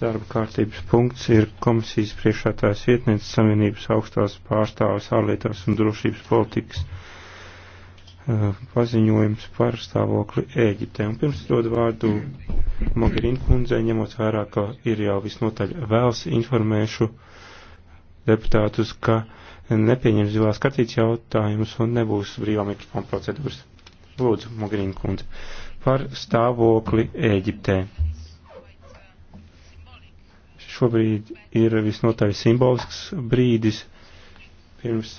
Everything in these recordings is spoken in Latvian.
Darba kārtības punkts ir komisijas priekšētājs vietnieks Savienības augstās pārstāvis ārlietās un drošības politikas eh, paziņojums par stāvokli Ēģiptē. Un pirms dod vārdu Mogherini kundzei, ņemot vērā, ka ir jau visnotaļ vēls, informēšu deputātus, ka nepieņem zilās kartītes jautājumus un nebūs brīvā mikrofona procedūras. Lūdzu, Mogherini kundze, par stāvokli Ēģiptē. Šobrīd ir visnotaļ simbolisks brīdis. Pirms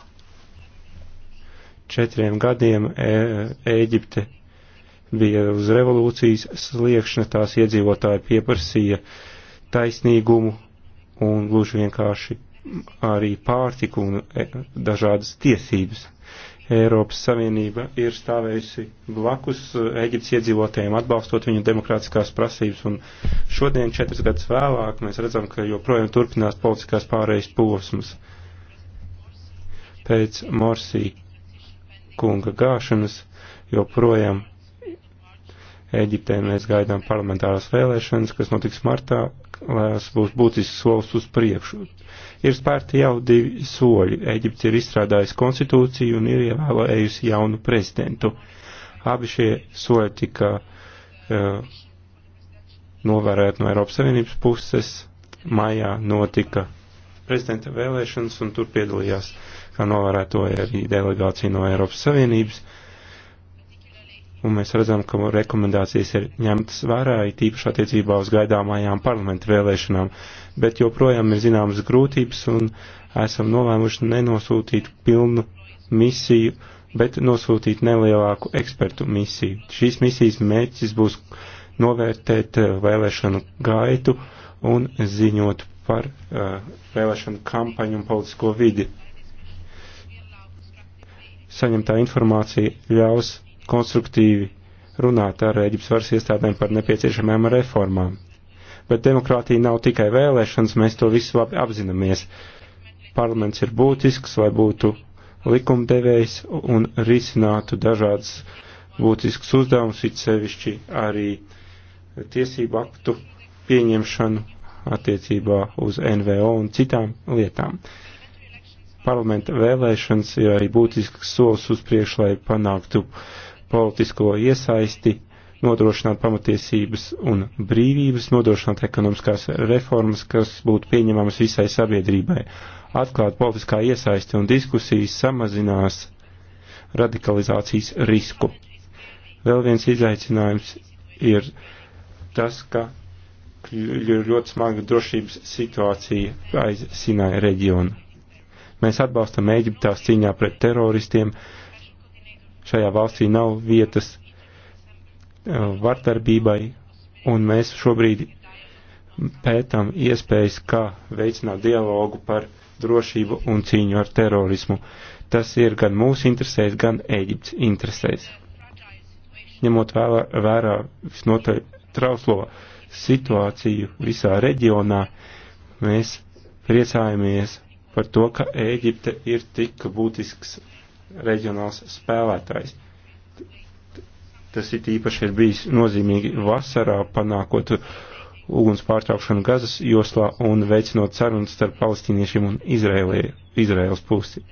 četriem gadiem e, Ēģipte bija uz revolūcijas sliekšņa, tās iedzīvotāji pieprasīja taisnīgumu un gluži vienkārši arī pārtiku un e, dažādas tiesības. Eiropas Savienība ir stāvējusi blakus eh, Eģiptes iedzīvotājiem, atbalstot viņu demokrātiskās prasības, un šodien, četras gadus vēlāk, mēs redzam, ka joprojām turpinās politiskās pārējas posmas. Pēc Morsī kunga gāšanas joprojām Eģiptē mēs gaidām parlamentāras vēlēšanas, kas notiks martā, lai būs būtisks solis uz priekšu. Ir spērti jau divi soļi. Eģipts ir izstrādājis konstitūciju un ir ievēlējusi jaunu prezidentu. Abi šie soļi tika uh, novērēti no Eiropas Savienības puses. Maijā notika prezidenta vēlēšanas un tur piedalījās, kā novērētoja arī delegācija no Eiropas Savienības. Uh, un mēs redzam, ka rekomendācijas ir ņemtas vērā, it īpaši attiecībā uz gaidāmajām parlamentu vēlēšanām, bet joprojām ir zināmas grūtības un esam nolēmuši nenosūtīt pilnu misiju, bet nosūtīt nelielāku ekspertu misiju. Šīs misijas mērķis būs novērtēt eh, vēlēšanu gaitu un ziņot par uh, vēlēšanu kampaņu un politisko vidi. Saņemtā informācija ļaus konstruktīvi runāt ar Eģiptes varas iestādēm par nepieciešamajām reformām. Bet demokrātija nav tikai vēlēšanas, mēs to visu labi apzināmies. Parlaments ir būtisks, lai būtu likumdevējs un risinātu dažādas būtiskas uzdevumus, it sevišķi arī tiesību aktu pieņemšanu attiecībā uz NVO un citām lietām. Parlamenta vēlēšanas ir arī būtisks solis uz priekšu, lai panāktu uh, politisko iesaisti, nodrošināt pamatiesības un brīvības, nodrošināt ekonomiskās reformas, kas būtu pieņemamas visai sabiedrībai. Atklāt politiskā iesaisti un diskusijas samazinās radikalizācijas risku. Vēl viens izaicinājums ir tas, ka ir ļoti smaga drošības situācija aiz Sinai reģiona. Mēs atbalstam Eģiptās cīņā pret teroristiem, uh, šajā valstī nav vietas uh, vardarbībai, un mēs šobrīd pētām iespējas, kā veicināt dialogu par drošību un cīņu ar terorismu. Tas ir gan mūsu interesēs, gan Ēģiptes interesēs. Ņemot vērā, vērā visnotaļ trauslo situāciju visā reģionā, mēs priecājamies par to, ka Ēģipte ir tik būtisks reģionāls spēlētājs. Tas it īpaši ir bijis nozīmīgi vasarā, panākot uguns pārtraukšanu Gazas joslā un veicinot sarunas starp palestīniešiem un Izrēlē, Izrēlas pusi.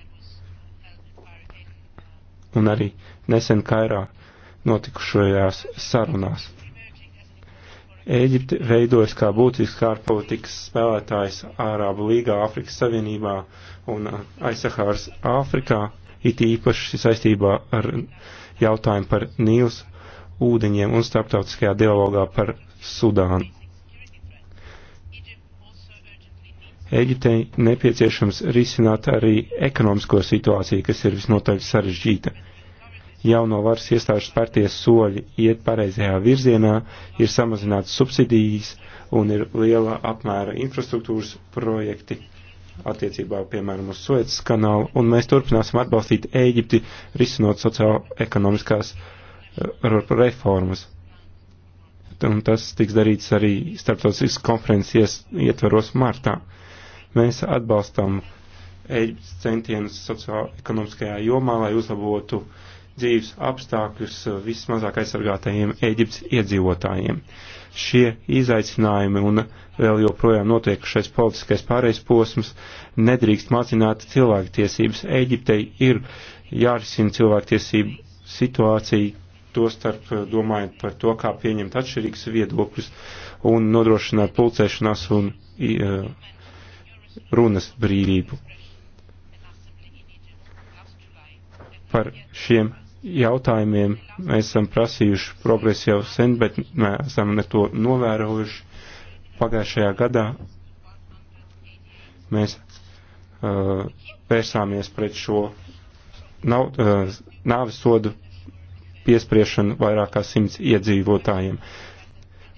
Un arī nesen Kairā notikušajās sarunās. Ēģipte veidojas kā būtisks ārpolitikas spēlētājs Ārābu līgā, Afrikas Savienībā un Aizsahāras Āfrikā, it īpaši saistībā ar jautājumu par Nīls ūdeņiem un starptautiskajā dialogā par Sudānu. Eģiptei nepieciešams risināt arī ekonomisko situāciju, kas ir visnotaļ sarežģīta. Jauno varas iestāžu spērties soļi iet pareizajā virzienā, ir samazināts subsidijas un ir liela apmēra infrastruktūras projekti attiecībā, piemēram, uz Suecas kanālu, un mēs turpināsim atbalstīt Ēģipti, risinot sociālo-ekonomiskās eh, reformas. Un tas tiks darīts arī starptautiskas konferences ietveros martā. Mēs atbalstam Ēģiptes centienus sociālo-ekonomiskajā jomā, lai uzlabotu uh, dzīves apstākļus eh, vismazāk aizsargātajiem Eģiptes iedzīvotājiem. Šie izaicinājumi un vēl joprojām notiekušais politiskais pārējais posms nedrīkst mazināt cilvēktiesības. Eģiptei ir jārisina cilvēktiesību situācija, tostarp eh, domājot par to, kā pieņemt atšķirīgus viedokļus un nodrošināt pulcēšanās un eh, runas brīvību. Par šiem jautājumiem mēs esam prasījuši progresu jau sen, bet mēs esam ne to novērojuši. Pagājušajā gadā mēs uh, vērsāmies pret šo nav, uh, nāves sodu piespriešanu vairāk kā simts iedzīvotājiem.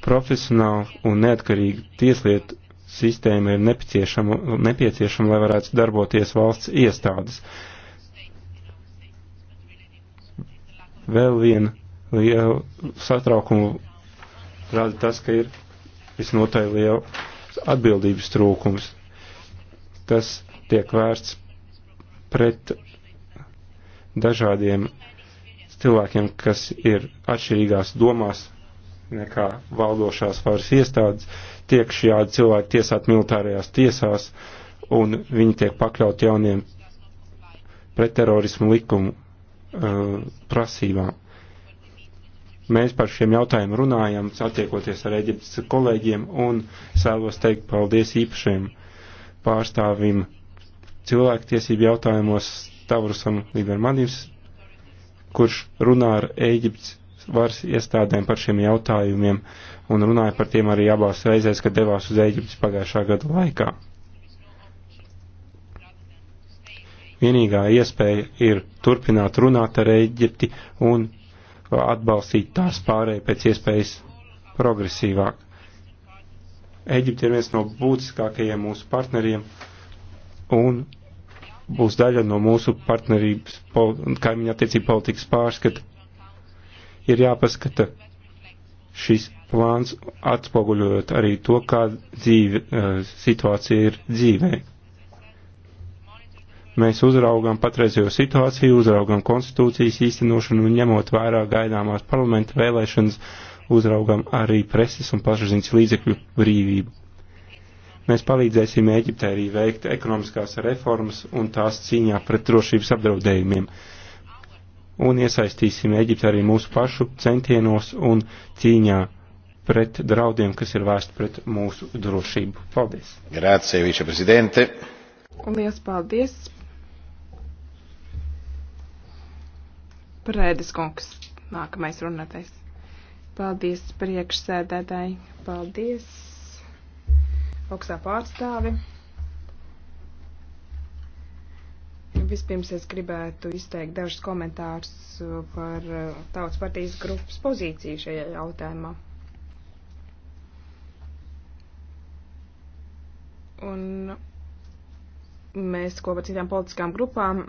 Profesionāli un neatkarīgi tieslietu sistēma ir nepieciešama, nepieciešama lai varētu darboties valsts iestādes. Uh, Vēl viena liela satraukuma rada tas, ka ir visnotaļ liela atbildības trūkums. Tas tiek vērsts pret dažādiem cilvēkiem, kas ir atšķirīgās domās nekā valdošās varas iestādes, tiek šādi cilvēki tiesāti militārajās tiesās, un viņi tiek pakļauti jauniem pretterorismu likumu Eh, prasībām. Mēs par šiem jautājumiem runājam, satiekoties ar Eģiptes kolēģiem, un es vēlos teikt paldies īpašiem pārstāvim cilvēktiesību jautājumos Tavrusam Libermanis, kurš runā ar Eģiptes varas iestādēm par šiem jautājumiem un runāja par tiem arī abās reizēs, kad devās uz Eģiptes pagājušā gada laikā. Vienīgā iespēja ir turpināt runāt ar Eģipti un atbalstīt tās pārēju pēc iespējas progresīvāk. Eģipte ir viens no būtiskākajiem mūsu partneriem un būs daļa no mūsu partnerības kaimiņa attiecību politikas pārskata. Ir jāpaskata šis plāns atspoguļojot arī to, kā dzīve, eh, situācija ir dzīvē. Mēs uzraugam patreizējo situāciju, uzraugam konstitūcijas īstenošanu un ņemot vērā gaidāmās parlamenta vēlēšanas, uzraugam arī preses un plašsaziņas līdzekļu brīvību. Mēs palīdzēsim Ēģiptē arī veikt ekonomiskās reformas un tās cīņā pret drošības apdraudējumiem un iesaistīsim Eģipti arī mūsu pašu centienos un cīņā pret draudiem, kas ir vērsti pret mūsu drošību. Paldies! Grācie, viceprezidente! Lielas paldies! Prēdes kungs, nākamais runātais. Paldies priekšsēdētāji, paldies augstā pārstāvi. Vispirms es gribētu izteikt dažus komentārus par Tautas partijas grupas pozīciju šajā jautājumā. Un mēs kopā citām politiskām grupām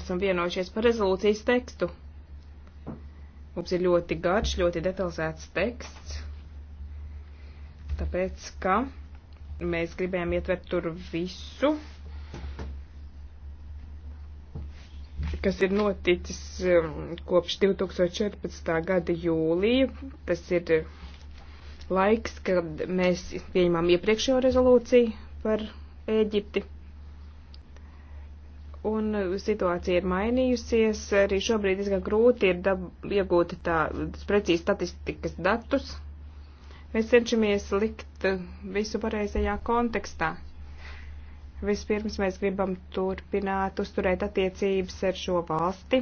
esam vienojušies par rezolūcijas tekstu Mums ir ļoti garš, ļoti detalizēts teksts, tāpēc ka mēs gribējām ietvert tur visu, kas ir noticis um, kopš 2014. gada jūlija. Tas ir laiks, kad mēs pieņemam iepriekšējo rezolūciju par Ēģipti un situācija ir mainījusies. Arī šobrīd diezgan grūti ir dab, iegūt tādus precīzi statistikas datus. Mēs cenšamies likt visu pareizajā kontekstā. Vispirms mēs gribam turpināt uzturēt attiecības ar šo valsti.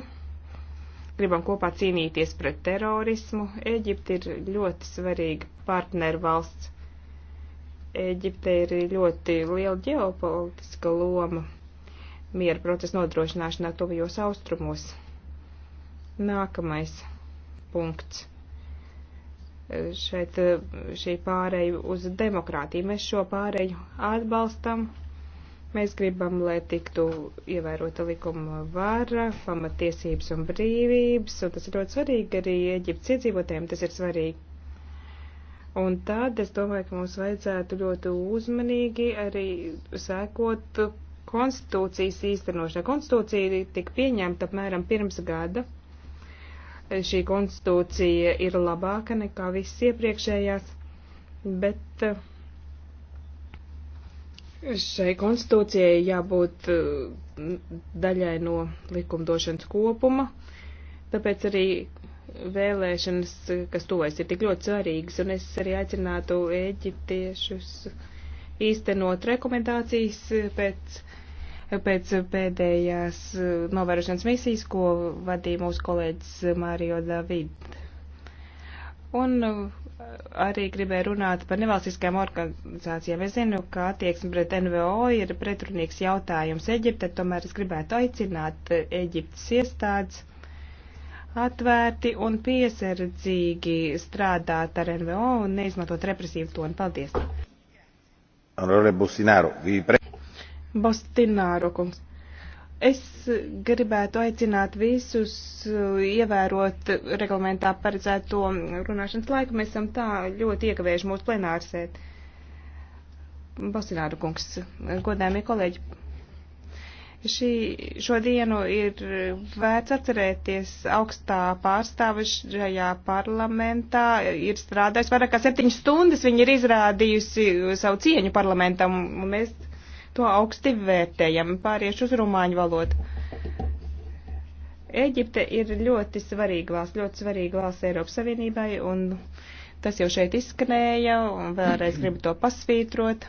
Gribam kopā cīnīties pret terorismu. Eģipte ir ļoti svarīga partneru valsts. Eģipte ir ļoti liela ģeopolitiska loma miera procesa nodrošināšanā tuvajos austrumos. Nākamais punkts. Šeit šī pāreja uz demokrātiju. Mēs šo pāreju atbalstam. Mēs gribam, lai tiktu ievērota likuma vara, pamatiesības un brīvības, un tas ir ļoti svarīgi arī Eģiptes iedzīvotājiem, tas ir svarīgi. Un tad es domāju, ka mums vajadzētu ļoti uzmanīgi arī sekot konstitūcijas īstenošanai. Konstitūcija tika pieņemta apmēram pirms gada. Šī konstitūcija ir labāka nekā visas iepriekšējās, bet eh, šai konstitūcijai jābūt eh, daļai no likumdošanas kopuma, tāpēc arī vēlēšanas, kas tuvojas, ir tik ļoti svarīgas, un es arī aicinātu eģiptiešus. Uh, īstenot rekomendācijas pēc, pēc pēdējās eh, novērošanas misijas, ko vadīja mūsu kolēģis Mārio David. Un eh, arī gribēju runāt par nevalstiskajām organizācijām. Es zinu, ka attieksme pret NVO ir pretrunīgs jautājums Eģipte, tomēr es gribētu aicināt eh, Eģiptes iestādes atvērti un piesardzīgi strādāt ar NVO un neizmantot represīvu toni. Paldies! Bostināro kungs. Es gribētu aicināt visus uh, ievērot reglamentā paredzēto runāšanas laiku. Mēs esam tā ļoti iekavējuši mūsu plenārsēt. Bostināro kungs, godājumie kolēģi. Šī, šo dienu ir vērts atcerēties augstā pārstāve šajā parlamentā. Ir strādājusi vairāk kā septiņas stundas, viņa ir izrādījusi savu cieņu parlamentam, un mēs to augsti vērtējam. Pāriešu uz rumāņu valodu. Eģipte ir ļoti svarīga valsts, ļoti svarīga valsts Eiropas Savienībai, un tas jau šeit izskanēja, un vēlreiz gribu to pasvītrot.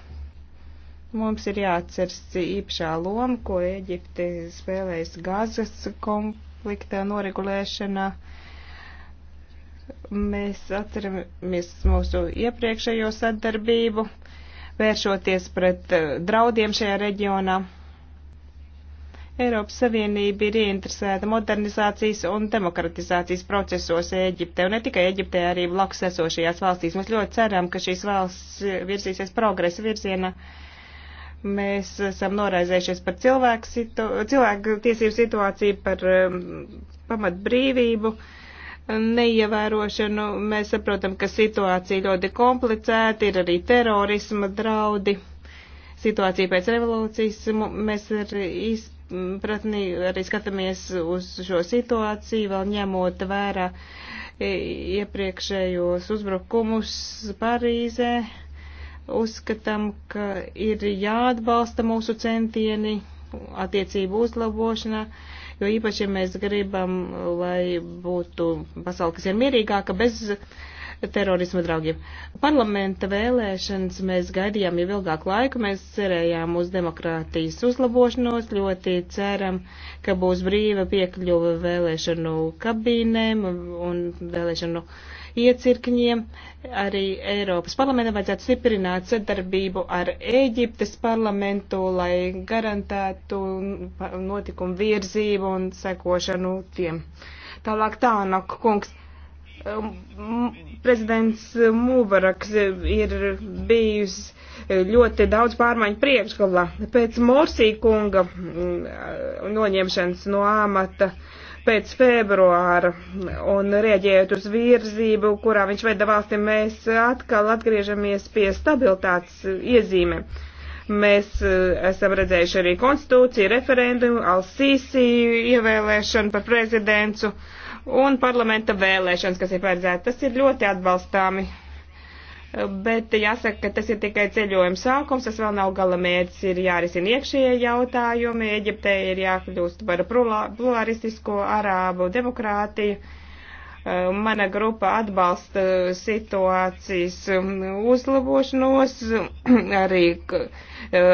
Mums ir jāatceras īpašā loma, ko Eģipte spēlējas gazas konflikta noregulēšanā. Mēs atceramies mūsu iepriekšējo sadarbību, vēršoties pret eh, draudiem šajā reģionā. Eiropas Savienība ir ieinteresēta modernizācijas un demokratizācijas procesos Eģipte, un ne tikai Eģiptē, arī blakus esošajās valstīs. Mēs ļoti ceram, ka šīs valsts virzīsies progresa virzienā. Uh, Mēs esam noraizējušies par cilvēku, situ, cilvēku tiesību situāciju, par um, pamatbrīvību neievērošanu. Mēs saprotam, ka situācija ļoti komplicēta, ir arī terorisma draudi. Situācija pēc revolūcijas mēs arī izpratni arī skatāmies uz šo situāciju, vēl ņemot vērā e, iepriekšējos uzbrukumus Parīzē Uzskatām, ka ir jāatbalsta mūsu centieni attiecību uzlabošanā, jo īpaši, ja mēs gribam, lai būtu pasauli, kas ir mierīgāka, bez terorisma draugiem. Parlamenta vēlēšanas mēs gaidījām jau ilgāku laiku, mēs cerējām uz demokrātijas uzlabošanos, ļoti ceram, ka būs brīva piekļuva vēlēšanu kabīnēm un vēlēšanu uh, iecirkņiem. Arī Eiropas parlamentam vajadzētu stiprināt sadarbību ar Ēģiptes parlamentu, lai garantētu notikumu virzību un sekošanu tiem. Tālāk Tānok kungs. Um, prezidents Mūbaraks ir bijis ļoti daudz pārmaiņu priekšgalā. Pēc Morsī kunga mm, noņemšanas no āmata uh, pēc februāra un rieģējot uz virzību, kurā viņš veda valsti, mēs atkal atgriežamies pie stabilitātes iezīme. Mēs e, esam redzējuši arī konstitūciju, referendumu, Alsīsī ievēlēšanu par prezidentu un parlamenta vēlēšanas, kas ir paredzētas. Tas ir ļoti atbalstāmi bet jāsaka, ka tas ir tikai ceļojuma sākums, tas vēl nav gala mērķis, ir jārisina iekšējie jautājumi, Eģiptē ir jākļūst par pluralistisko arābu demokrātiju. Uh, mana grupa atbalsta situācijas um, uzlabošanos, arī, uh,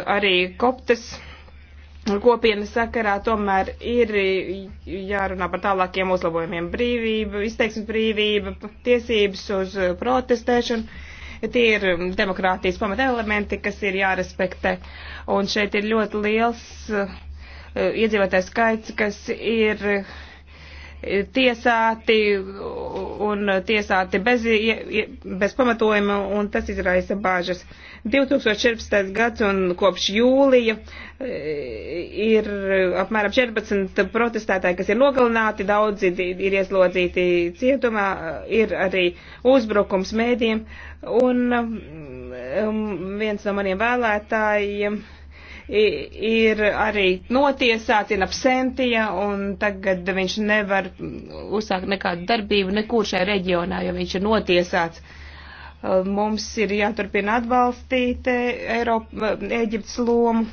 arī koptas kopienas sakarā tomēr ir jārunā par tālākiem uzlabojumiem. Brīvība, izteiksmes brīvība, tiesības uz protestēšanu Tie ir demokrātijas pamata elementi, kas ir jārespektē. Un šeit ir ļoti liels eh, iedzīvotājs skaits, kas ir eh, tiesāti un tiesāti bez, bez pamatojuma, un tas izraisa bāžas. 2014. gads un kopš jūlija e, ir apmēram 14 protestētāji, kas ir nogalināti, daudzi ir ieslodzīti cietumā, ir arī uzbrukums mēdiem, un um, viens no maniem vēlētājiem ir arī notiesāts in absentia, un tagad viņš nevar uzsākt nekādu darbību nekur šajā reģionā, jo viņš ir notiesāts. Uh, mums ir jāturpina atbalstīt eh, Eiropa, eh, Eģiptes lomu,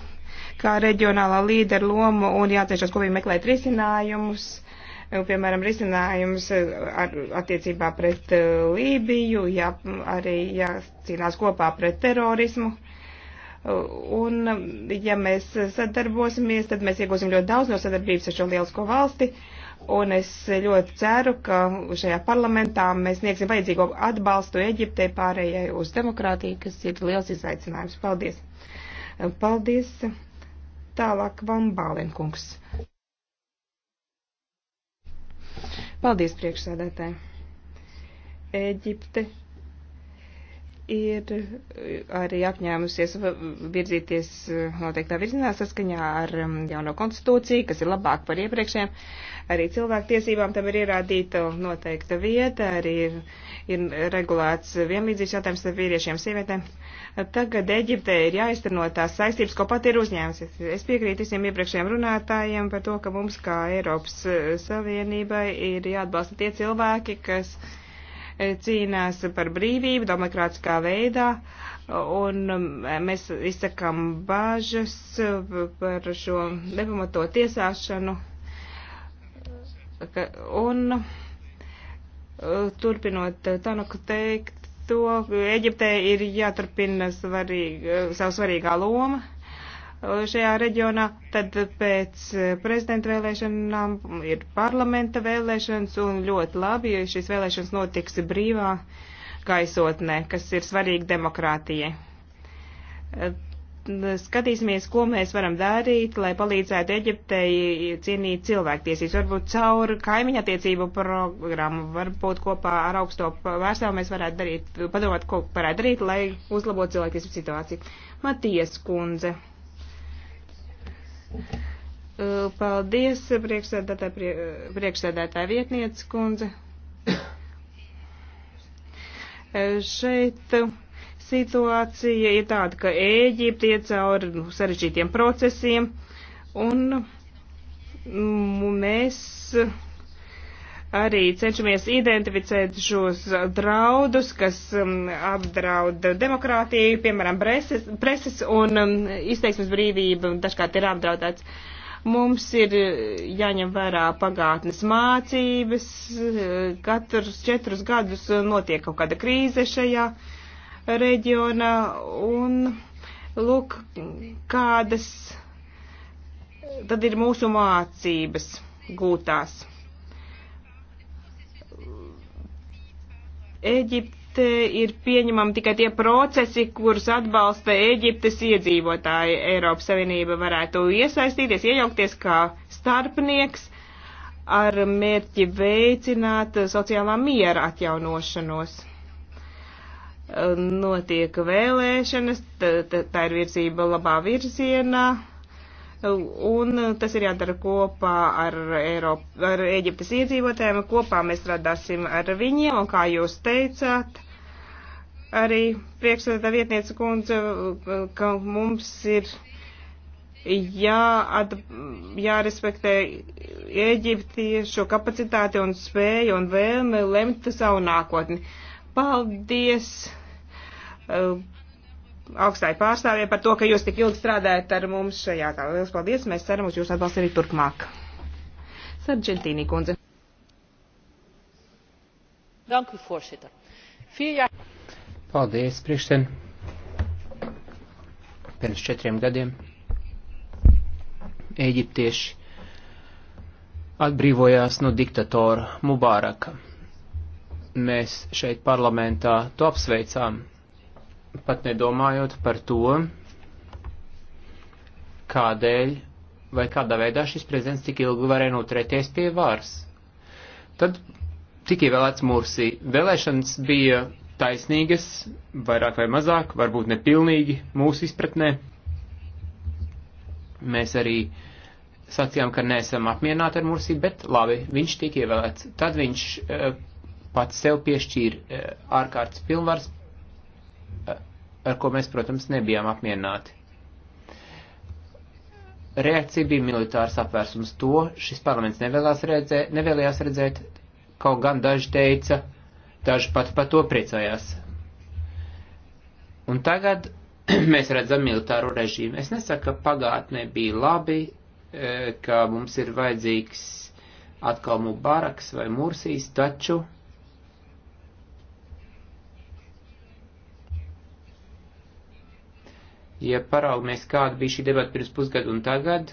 kā reģionālā līdera lomu, un jācenšas kopīgi meklēt risinājumus eh, piemēram, risinājums ar, attiecībā pret Lībiju, jā, arī jācīnās kopā pret terorismu. Un, ja mēs sadarbosimies, tad mēs iegūsim ļoti daudz no sadarbības ar šo lielisko valsti. Un es ļoti ceru, ka šajā parlamentā mēs sniegsim vajadzīgo atbalstu Eģiptei pārējai uz demokrātiju, kas ir liels izaicinājums. Paldies! Paldies! Tālāk Van Bālenkungs. Paldies priekšsēdētāji! Eģipte ir eh, arī apņēmusies virzīties eh, noteiktā virzienā saskaņā ar mm, jauno konstitūciju, kas ir labāk par iepriekšējiem. Arī cilvēktiesībām tam ir ierādīta noteikta vieta, arī ir, ir regulēts vienlīdzīgs jautājums ar vīriešiem sievietēm. Tagad Eģiptē ir jāizterno tās saistības, ko pat ir uzņēmusies. Es piekrītu visiem iepriekšējiem runātājiem par to, ka mums kā Eiropas eh, Savienībai ir jāatbalsta tie cilvēki, kas cīnās par brīvību demokrātiskā veidā, un um, mēs izsakām bāžas uh, par šo nepamato tiesāšanu. Un uh, turpinot Tanuku teikt, to Eģiptē ir jāturpina svarīga, uh, savu svarīgā loma šajā reģionā, tad pēc prezidenta vēlēšanām ir parlamenta vēlēšanas, un ļoti labi, ja šīs vēlēšanas notiks brīvā gaisotnē, kas ir svarīgi demokrātijai. Skatīsimies, ko mēs varam darīt, lai palīdzētu Eģiptei cienīt cilvēktiesības. Varbūt caur kaimiņa attiecību programmu, varbūt kopā ar augsto vērstāvu mēs varētu darīt, padomāt, ko varētu darīt, lai uzlabotu cilvēktiesību situāciju. Matijas kundze. Uh, paldies, priekšsēdētāja, prie, uh, priekšsēdētāja vietniece kundze. Uh, šeit situācija ir tāda, ka Ēģipte iet cauri nu, sarežģītiem procesiem, un mm, mēs arī cenšamies identificēt šos draudus, kas um, apdraud demokrātiju, piemēram, preses, preses un um, izteiksmes brīvība dažkārt ir apdraudēts. Mums ir jāņem vērā pagātnes mācības, katrs četrus gadus notiek kaut kāda krīze šajā reģionā un lūk, kādas tad ir mūsu mācības gūtās Eģipte ir pieņemama tikai tie procesi, kurus atbalsta Eģiptes iedzīvotāji. Eiropas Savienība varētu iesaistīties, iejaukties kā starpnieks ar mērķi veicināt sociālā miera atjaunošanos. Notiek vēlēšanas, tā ir virzība labā virzienā un eh, tas ir jādara kopā ar, Eiropa, ar Eģiptes iedzīvotājiem. Kopā mēs strādāsim ar viņiem, un kā jūs teicāt, arī priekšsēdā vietniece kundze, eh, ka mums ir jāat, jārespektē eģiptiešu kapacitāti un spēju un vēlmi lemt savu nākotni. Paldies! Eh, augstai pārstāvjai par to, ka jūs tik ilgi strādājat ar mums šajā tā. Lielas paldies, mēs ceram uz jūsu atbalstu arī turpmāk. Sargentīnī kundze. Dank u, voorzitter. Vier jaar... Paldies, priekšsēn. Pirms četriem gadiem eģiptieši atbrīvojās no diktatora Mubāraka. Mēs šeit parlamentā to apsveicām pat nedomājot par to, kādēļ vai kādā veidā šis prezidents tik ilgi varēja noturēties pie varas. Tad tika ievēlēts Mursī. Vēlēšanas bija taisnīgas, vairāk vai mazāk, varbūt nepilnīgi mūsu izpratnē. Mēs arī sacījām, ka neesam apmierināti ar Mursī, bet labi, viņš tika ievēlēts. Tad viņš eh, pats sev piešķīra eh, ārkārtas pilnvaras ar ko mēs, protams, nebijām apmierināti. Reakcija bija militārs apvērsums to, šis parlaments redzē, nevēlējās redzēt, kaut gan daži teica, daži pat par to priecājās. Un tagad mēs redzam militāro režīmu. Es nesaku, ka pagātnē bija labi, e, ka mums ir vajadzīgs atkal Mubaraks vai Mursīs, taču Ja paraugamies, kāda bija šī debata pirms pusgada un tagad,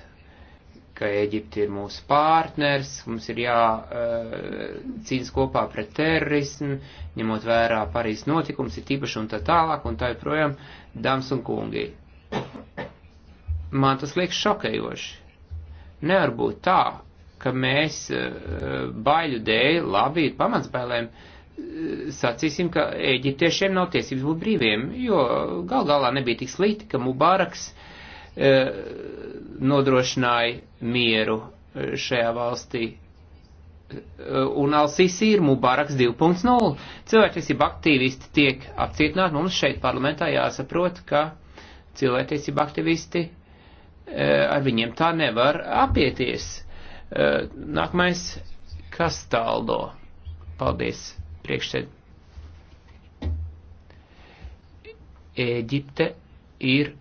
ka Eģipte ir mūsu partners, mums ir jācīnas eh, uh, kopā pret terorismu, ņemot vērā Parīzes notikums, ir tīpaši un tā tālāk, un tā joprojām, dāmas un kungi. Man tas liekas šokējoši. Nevar būt tā, ka mēs uh, baiļu dēļ, labi, ir pamats bailēm, uh, sacīsim, ka eģiptiešiem nav tiesības būt brīviem, jo gal galā nebija tik slikti, ka Mubaraks e, nodrošināja mieru e, šajā valstī. E, un Alsīsī ir Mubaraks 2.0. Cilvēktiesība aktīvisti tiek apcietināti. Mums šeit parlamentā jāsaprot, ka cilvēktiesība aktīvisti e, ar viņiem tā nevar apieties. E, nākamais, kas taldo? Paldies! priekšsēd. Ēģipte ir e,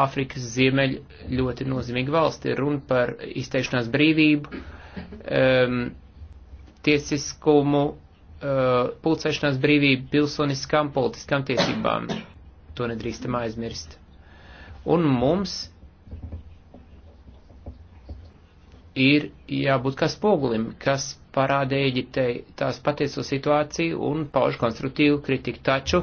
Āfrikas ziemeļ ļoti nozīmīga valsts, ir runa par izteikšanās brīvību, um, tiesiskumu, uh, pulcēšanās brīvību, pilsoniskām, politiskām tiesībām. To nedrīkstam aizmirst. Un mums ir jābūt kā spogulim, kas parāda Eģiptei tās patieso situāciju un pauž konstruktīvu kritiku. Taču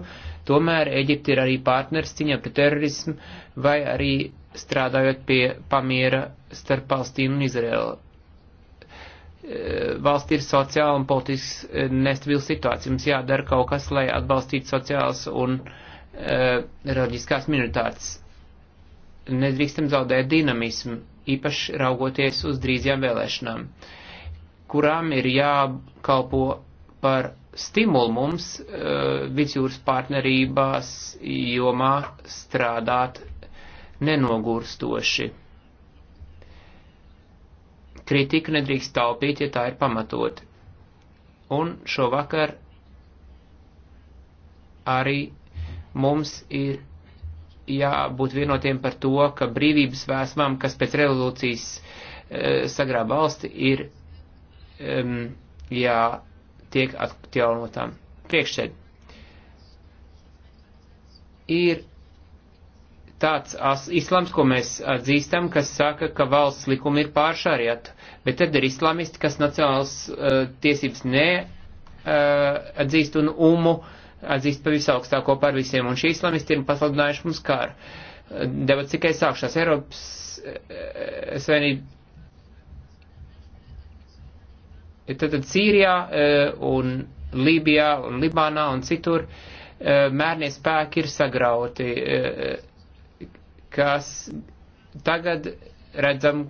tomēr Eģipte ir arī partners ciņā pret terorismu vai arī strādājot pie pamiera starp Palestīnu un Izraēlu. E, valsts ir sociāla un politiski e, nestabila situācija. Mums jādara kaut kas, lai atbalstītu sociālas un uh, reliģiskās minoritātes. Nedrīkstam zaudēt dinamismu īpaši raugoties uz drīzajām vēlēšanām, kurām ir jākalpo par stimulu mums uh, vidusjūras partnerībās jomā strādāt nenogurstoši. Kritiku nedrīkst taupīt, ja tā ir pamatoti. Un šovakar arī mums ir jābūt vienotiem par to, ka brīvības vēsmām, kas pēc revolūcijas e, sagrāb valsti, ir um, jātiek atjaunotām. Priekšsēd ir tāds islams, ko mēs atzīstam, kas saka, ka valsts likumi ir pāršāriet, bet tad ir islamisti, kas nacionāls uh, tiesības neatzīst e, uh, un umu uh, atzīst pa visaugstāko par visiem, un šie islamisti ir pasludinājuši mums kāru. Debats tikai sākšās Eiropas eh, Savienība. Tad, tad Sīrijā eh, un Lībijā un Libānā un citur eh, mērnie spēki ir sagrauti, kas tagad redzam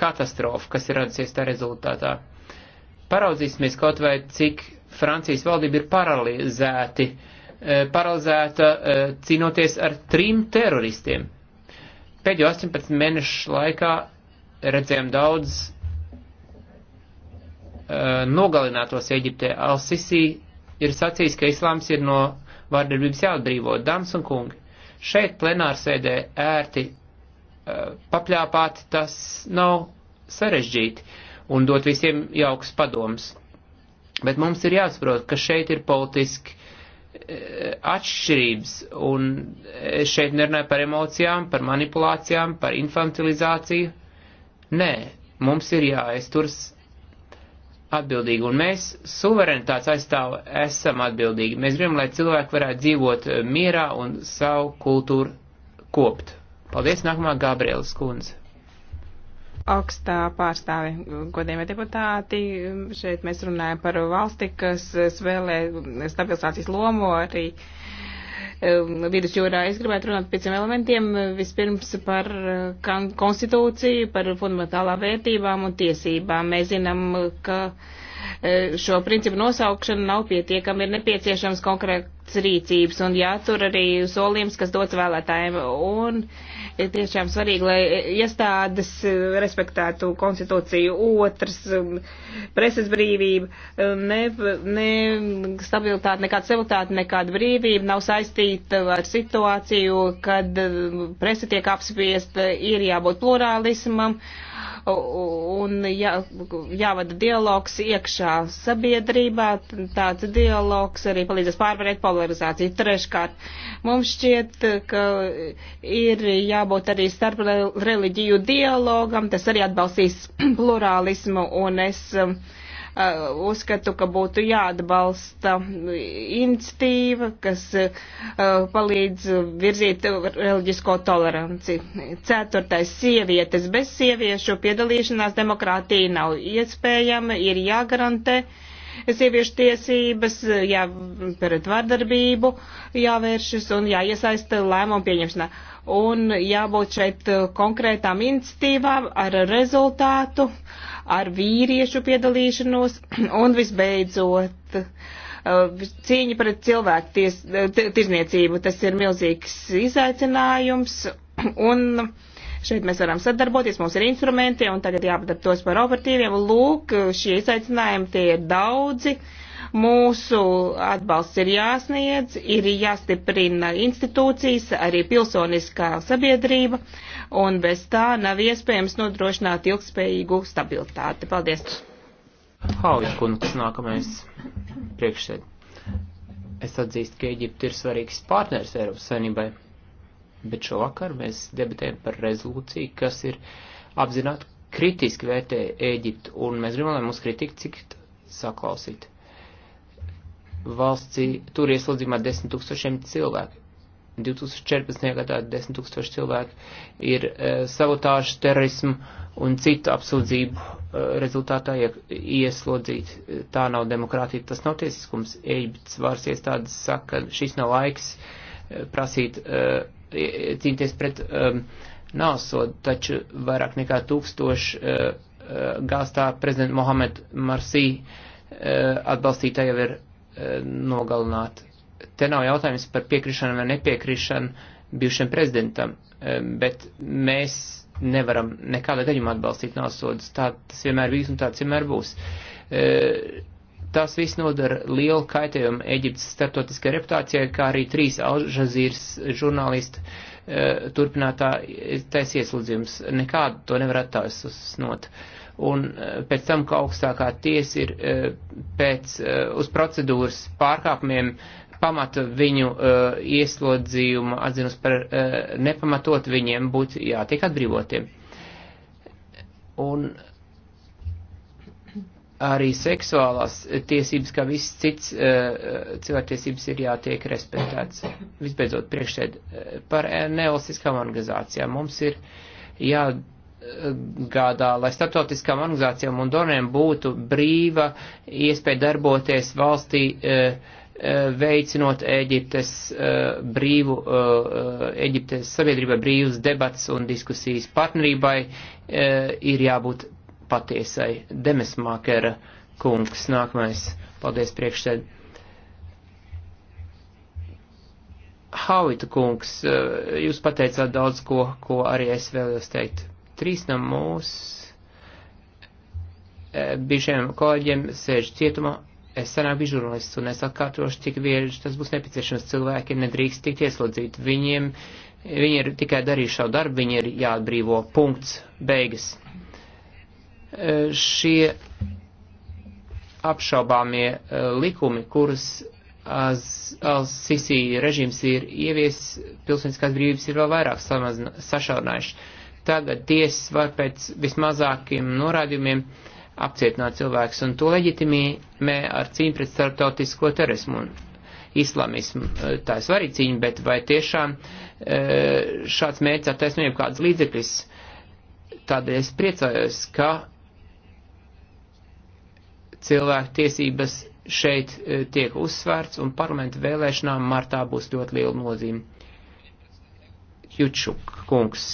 katastrofu, kas ir radusies tā rezultātā. Paraudzīsimies kaut vai cik Francijas valdība ir paralizēti, eh, paralizēta eh, cīnoties ar trim teroristiem. Pēdējo 18 mēnešu laikā redzējām daudz eh, nogalinātos Eģiptē. Al-Sisi ir sacījis, ka islāms ir no vārdarbības jāatbrīvo. Dāmas un kungi, šeit plenārsēdē ērti papļāpāt tas nav sarežģīti un dot visiem jauks padoms. Bet mums ir jāsaprot, ka šeit ir politiski e, atšķirības, un e, šeit nerunāju par emocijām, par manipulācijām, par infantilizāciju. Nē, mums ir jāaizturs atbildīgi, un mēs suverenitātes aizstāv esam atbildīgi. Mēs gribam, lai cilvēki varētu dzīvot e, mierā un savu kultūru kopt. Paldies, nākamā Gabrielas kundze. Augstā pārstāve, godējumie deputāti, šeit mēs runājam par valsti, kas spēlē stabilizācijas lomu arī um, vidus jūrā. Es gribētu runāt par pieciem elementiem. Vispirms par uh, konstitūciju, par fundamentālām vērtībām un tiesībām. Mēs zinām, ka uh, šo principu nosaukšana nav pietiekama, ir nepieciešams konkrēti rīcības un jātur arī solījums, kas dots vēlētājiem. Un ir tiešām svarīgi, lai iestādes respektētu konstitūciju otrs, um, preses brīvība, um, ne, ne stabilitāte, nekāda stabilitāte, nekāda brīvība nav saistīta ar situāciju, kad um, presa tiek apspiesta, ir jābūt plurālismam un jā, jāvada dialogs iekšā sabiedrībā. Tāds dialogs arī palīdzēs pārvarēt polarizāciju polarizāciju. Treškārt, mums šķiet, ka ir jābūt arī starp reliģiju dialogam, tas arī atbalstīs plurālismu un es uh, uh, uzskatu, ka būtu jāatbalsta iniciatīva, kas uh, palīdz virzīt reliģisko toleranci. Ceturtais - sievietes. Bez sieviešu piedalīšanās demokrātija nav iespējama, ir jāgarantē sieviešu tiesības, jāperet vardarbību, jāvēršas un jāiesaista lēmumu pieņemšanā. Un jābūt šeit konkrētām iniciatīvām ar rezultātu, ar vīriešu piedalīšanos un visbeidzot uh, cīņa pret cilvēku ties, tirzniecību. Tas ir milzīgs izaicinājums un Šeit mēs varam sadarboties, mums ir instrumenti, un tagad jāpadara tos par operatīviem. Lūk, šie izaicinājumi tie ir daudzi. Mūsu atbalsts ir jāsniedz, ir jāstiprina institūcijas, arī pilsoniskā sabiedrība, un bez tā nav iespējams nodrošināt ilgspējīgu stabilitāti. Paldies! Hauja kungs nākamais priekšsēd. Es atzīstu, ka Eģipte ir svarīgs partners Eiropas saimnībai bet šovakar mēs debatējam par rezolūciju, kas ir apzināti kritiski vērtē Ēģiptu, un mēs gribam, lai mūsu kritika cik saklausīt. Valsts tur ieslodzījumā 10 tūkstošiem cilvēku. 2014. gadā 10 tūkstoši cilvēku ir uh, e, sabotāžu, terorismu un citu apsūdzību uh, e, rezultātā ieslodzīti. E, tā nav demokrātija, tas nav tiesiskums. Eģiptes varas iestādes saka, ka šis nav laiks uh, prasīt. Uh, e, cīnīties pret um, nāsodu, taču vairāk nekā tūkstoši uh, uh, gāstā prezidenta Mohamed Marsī uh, atbalstītāji jau ir uh, nogalināti. Te nav jautājums par piekrišanu vai nepiekrišanu bijušiem prezidentam, uh, bet mēs nevaram nekādā gadījumā atbalstīt nāsodus. Tā tas vienmēr bijis un tāds vienmēr būs. Uh, Tas viss nodara lielu kaitējumu Eģiptes startotiskai reputācijai, kā arī trīs Alžazīras žurnālisti e, turpinātā taisa ieslodzījums. Nekādu to nevar attaisnot. Un e, pēc tam, ka augstākā tiesa ir e, pēc e, uz procedūras pārkāpumiem pamata viņu e, ieslodzījumu atzinus par e, nepamatot, viņiem būtu jātiek atbrīvotiem. Un uh, arī seksuālās tiesības, kā viss cits eh, eh, cilvēktiesības ir jātiek respektēts. Visbeidzot, priekšsēd eh, par nevalstiskām organizācijām mums ir jāgādā, lai starptautiskām organizācijām un donoriem būtu brīva iespēja darboties valstī, veicinot Eģiptes brīvu, Eģiptes sabiedrībai brīvas debats un diskusijas partnerībai ir jābūt patiesai. Demesmakera kungs nākamais. Paldies priekšsēd. Havita kungs, eh, jūs pateicāt daudz ko, ko arī es vēlos teikt. Trīs no mūsu eh, bijušajiem kolēģiem sēž cietumā. Es senāk biju žurnālists un es atkārtošu, cik bieži tas būs nepieciešams. Cilvēki nedrīkst tikt ieslodzīti. Viņiem, viņi ir tikai darījuši savu darbu, viņi ir jāatbrīvo. Punkts. Beigas šie apšaubāmie e, likumi, kurus Al-Sisi režīms ir ieviesis, pilsoniskās brīvības ir vēl vairāk sašaurinājuši. Tagad tiesas var pēc vismazākiem norādījumiem apcietināt cilvēkus, un to leģitimē ar cīņu pret starptautisko terorismu un islamismu. E, tā ir svarīga cīņa, bet vai tiešām e, šāds mērķis attaisnojam kādas līdzekļas? Tādēļ es priecājos, ka cilvēku tiesības šeit e, tiek uzsvērts, un parlamentu vēlēšanām martā būs ļoti liela nozīme. Jučuk kungs.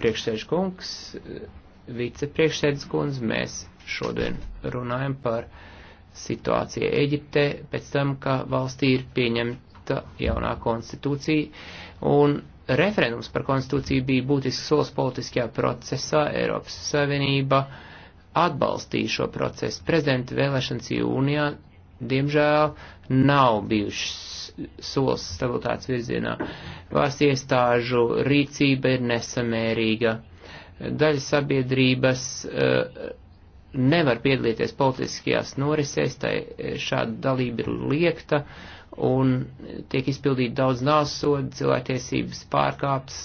Priekšsēž kungs, e, vicepriekšsēdz kundz, mēs šodien runājam par situāciju Eģiptē pēc tam, ka valstī ir pieņemta jaunā konstitūcija, un referendums par konstitūciju bija būtisks solis politiskajā procesā. Eiropas Savienība atbalstīja šo procesu. Prezidenta vēlēšanas jūnijā, diemžēl, nav bijušas solis stabilitātes virzienā. Vārsts iestāžu rīcība ir nesamērīga. Daļa sabiedrības uh, nevar piedalīties politiskajās norisēs, tai eh, šāda dalība ir liekta. Uh, un tiek izpildīti daudz nāsodi, cilvēktiesības pārkāps,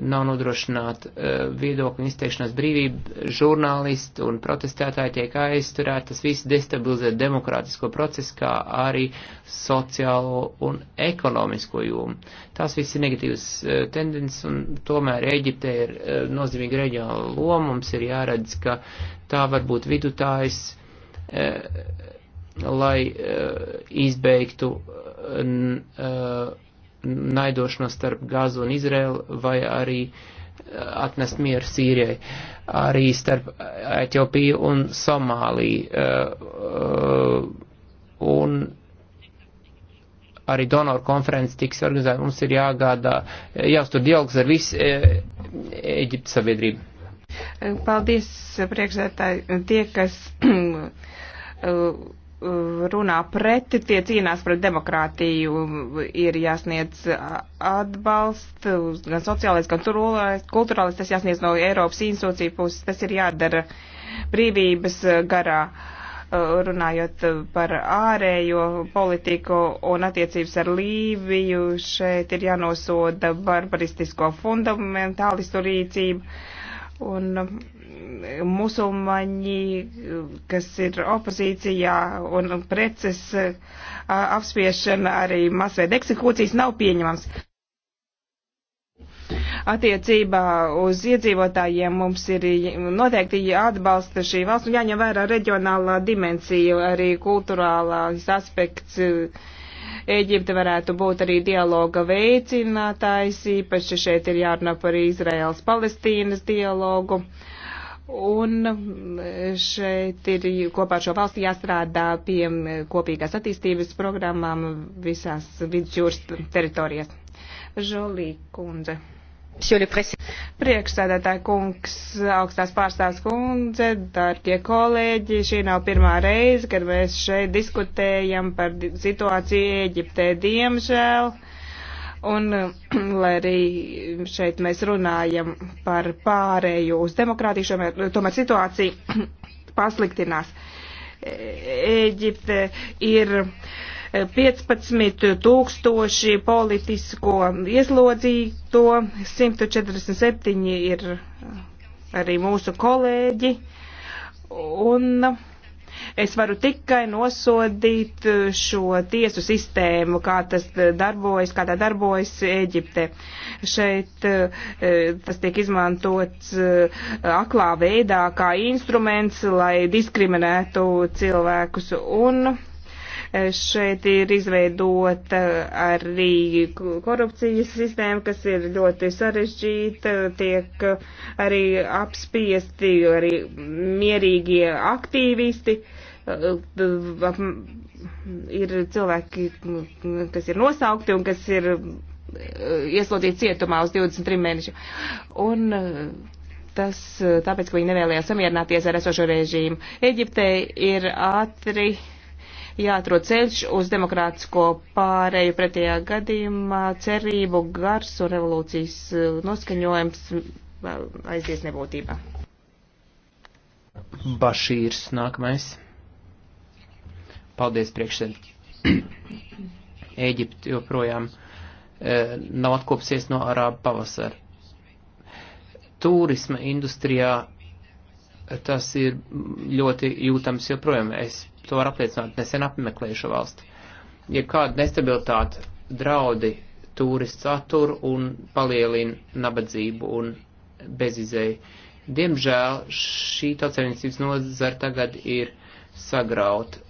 nav nodrošināta uh, eh, viedokļu izteikšanās brīvība, žurnālisti un protestētāji tiek aizturēti, tas viss destabilizē demokrātisko procesu, kā arī sociālo un ekonomisko jomu. Tās viss ir negatīvas uh, tendences, un tomēr Eģipte ir uh, nozīmīga reģionāla loma, mums ir jāredz, ka tā var būt vidutājs. Uh, lai eh, izbeigtu eh, eh, naidošanos starp Gāzu un Izrēlu vai arī atnest mieru Sīrijai. Arī starp Etiopiju un Somāliju. Un arī donoru konferences tiks organizēta. Mums ir jāgādā, jāuztur dialogs ar visu Eģiptes sabiedrību. Paldies, priekšsētāji, tie, kas runā preti, tie cīnās pret demokrātiju, ir jāsniedz atbalsts, gan sociālais, gan kulturālais, tas jāsniedz no Eiropas institūciju puses, tas ir jādara brīvības garā, runājot par ārējo politiku un attiecības ar Lībiju, šeit ir jānosoda barbaristisko fundamentālistu rīcību. Un, musulmaņi, kas ir opozīcijā un preces apspiešana, arī masveida eksekūcijas nav pieņemams. Attiecībā uz iedzīvotājiem mums ir noteikti jāatbalsta šī valsts un jāņem vērā reģionālā dimensija, arī kulturālās aspekts. Ēģipte varētu būt arī dialoga veicinātājs, īpaši šeit ir jārunā par Izraels-Palestīnas dialogu. Uh, Un šeit ir kopā ar šo valsti jāstrādā pie kopīgās attīstības programmām visās vidusjūras teritorijas. Žolī kundze. Priekšsēdētāja kungs, augstās pārstāvs kundze, darbie kolēģi, šī nav pirmā reize, kad mēs šeit diskutējam par situāciju Ēģiptē, diemžēl. Uh, Un, eh, lai arī šeit mēs runājam par pārēju uz demokrātiju, šomēr, tomēr situācija pasliktinās. Ēģipte e, ir 15 eh, tūkstoši politisko ieslodzīto, 147 ir eh, arī mūsu kolēģi. Un, uh, Es varu tikai nosodīt eh, šo tiesu sistēmu, kā tas eh, darbojas, kā tā darbojas Eģipte. Šeit eh, tas tiek izmantots aklā veidā kā instruments, lai diskriminētu cilvēkus. Un šeit ir izveidota arī korupcijas sistēma, kas ir ļoti sarežģīta, tiek arī apspiesti arī mierīgie aktīvisti. Uh, ir cilvēki, kas ir nosaukti un kas ir eh, ieslodzīti cietumā uz 23 mēnešiem. Un eh, tas eh, tāpēc, ka viņi nevēlējās samierināties ar esošo režīmu. Eģiptē ir ātri jāatrod ceļš uz demokrātisko pārēju pretējā gadījumā cerību gars un revolūcijas noskaņojums aizies nebūtībā. Bašīrs nākamais. Paldies priekšsēdētāji. Ēģipte joprojām e, nav atkopsies no arābu pavasara. Turisma industrijā tas ir ļoti jūtams joprojām. Es to varu apliecināt, nesen apmeklēju šo valsti. Ja kāda nestabilitāte draudi turists attur un palielina nabadzību un bezizēju. Diemžēl šī tautsēmniecības nozara tagad ir sagrauta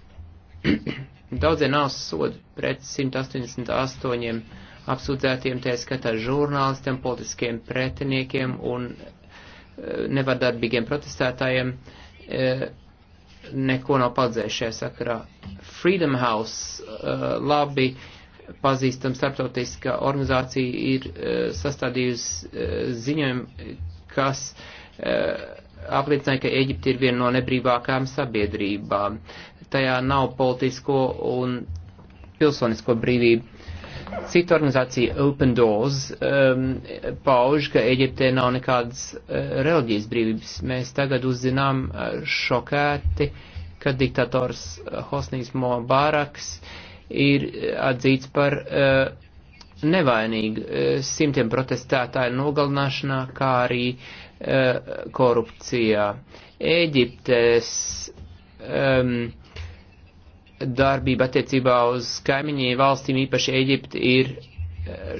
Daudzie nav sodi pret 188 apsūdzētiem, tā skatā žurnālistiem, politiskiem pretiniekiem un eh, nevardarbīgiem protestētājiem. Eh, neko nav paldzējis šajā sakarā. Freedom House eh, labi pazīstama starptautiskā organizācija ir sastādījusi ziņojumu, kas apliecināja, ka Eģipte ir viena no nebrīvākām sabiedrībām. Uh, tajā nav politisko un pilsonisko brīvību. Cita organizācija Open Doors um, pauž, ka Eģiptē nav nekādas uh, reliģijas brīvības. Mēs tagad uzzinām uh, šokēti, ka diktators uh, Hosnijas Mobaraks ir uh, atzīts par uh, nevainīgu uh, simtiem protestētāju nogalināšanā, kā arī e, korupcijā. Eģiptes um, darbība attiecībā uz kaimiņiem valstīm, īpaši Eģipti, ir e,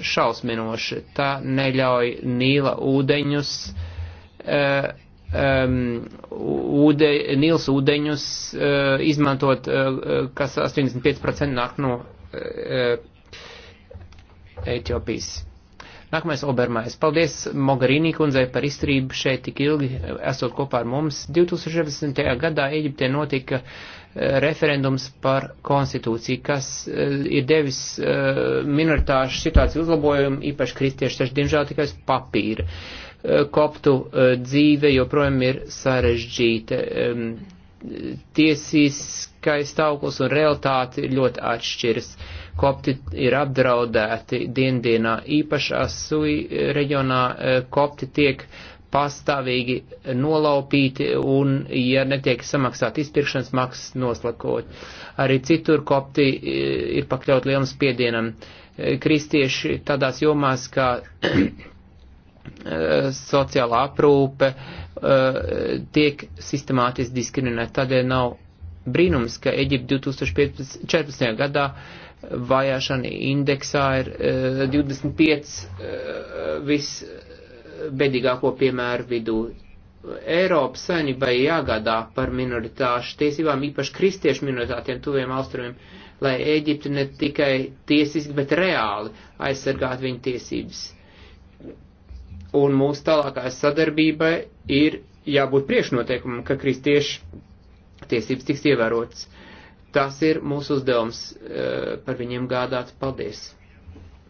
šausminoša. Tā neļauj Nīla ūdeņus, uh, um, ūde, Nīls ūdeņus uh, izmantot, uh, kas 85% nāk no uh, Etiopijas. Nākamais Obermais. Paldies Mogarīnī kundzei par izturību šeit tik ilgi, esot kopā ar mums. 2016. gadā Eģiptē notika eh, referendums par konstitūciju, kas eh, ir devis eh, minoritāšu situāciju uzlabojumu, īpaši kristieši, taču diemžēl tikai uz papīra. Koptu dzīve joprojām ir sarežģīta tiesiskais stāvoklis un realitāte ļoti atšķiras kopti ir apdraudēti diendienā īpašā sui reģionā, eh, kopti tiek pastāvīgi nolaupīti un, ja netiek samaksāt izpirkšanas maksas, noslakot. Arī citur kopti eh, ir pakļaut lielam spiedienam. Eh, kristieši tādās jomās kā sociālā aprūpe tiek sistemātiski diskriminēti. Tādēļ nav brīnums, ka Eģipte 2014. gadā vajāšana indeksā ir uh, eh, 25 uh, eh, visbedīgāko eh, piemēru vidū. Eiropas saimnībai jāgādā par minoritāšu tiesībām, īpaši kristiešu minoritātiem tuviem austrumiem, lai Ēģipte ne tikai tiesiski, bet reāli aizsargātu viņu tiesības. Un mūsu tālākā sadarbība ir jābūt priekšnoteikumam, ka kristiešu tiesības tiks ievērotas. Uh, Tas ir mūsu uzdevums eh, par viņiem gādāt. Paldies!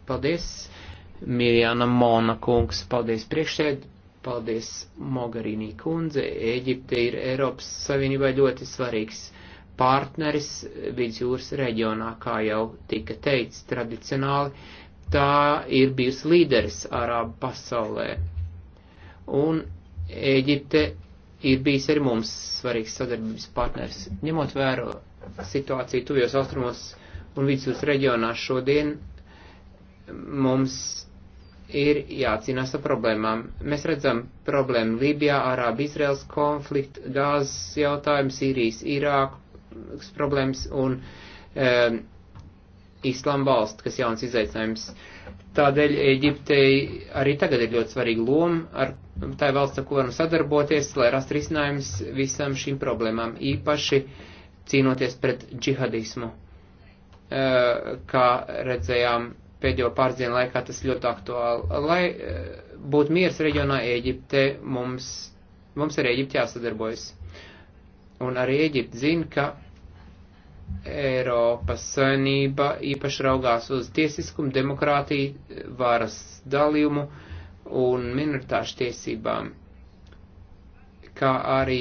Paldies, Mirjana Mona kungs, paldies priekšsēd, paldies Mogarīnī kundze. Eģipte ir Eiropas Savienībai ļoti svarīgs partneris vidusjūras reģionā, kā jau tika teikts tradicionāli. Tā ir bijusi līderis Arābu pasaulē. Un Eģipte ir bijis arī mums svarīgs sadarbības partners, ņemot vērā situācija tuvijos austrumos un vidusjūras reģionā šodien mums ir jācīnās ar problēmām. Mēs redzam problēmu Lībijā, Arābu Izraels konfliktu, gāzes jautājumu, Sīrijas, Irākas problēmas un e, Islām valsts, kas jauns izaicinājums. Tādēļ Eģiptei arī tagad ir ļoti svarīga loma ar tā valsts, ar ko varam sadarboties, lai rastu risinājums visam šīm problēmām. Īpaši uh, cīnoties pret džihadismu, eh, kā redzējām pēdējo pāris dienu laikā tas ļoti aktuāli. Lai eh, būtu miers reģionā Ēģipte, mums, mums ar Ēģipti jāsadarbojas. Un arī Ēģipte zina, ka Eiropas Savienība īpaši raugās uz tiesiskumu, demokrātiju, varas dalījumu un minoritāšu tiesībām, kā arī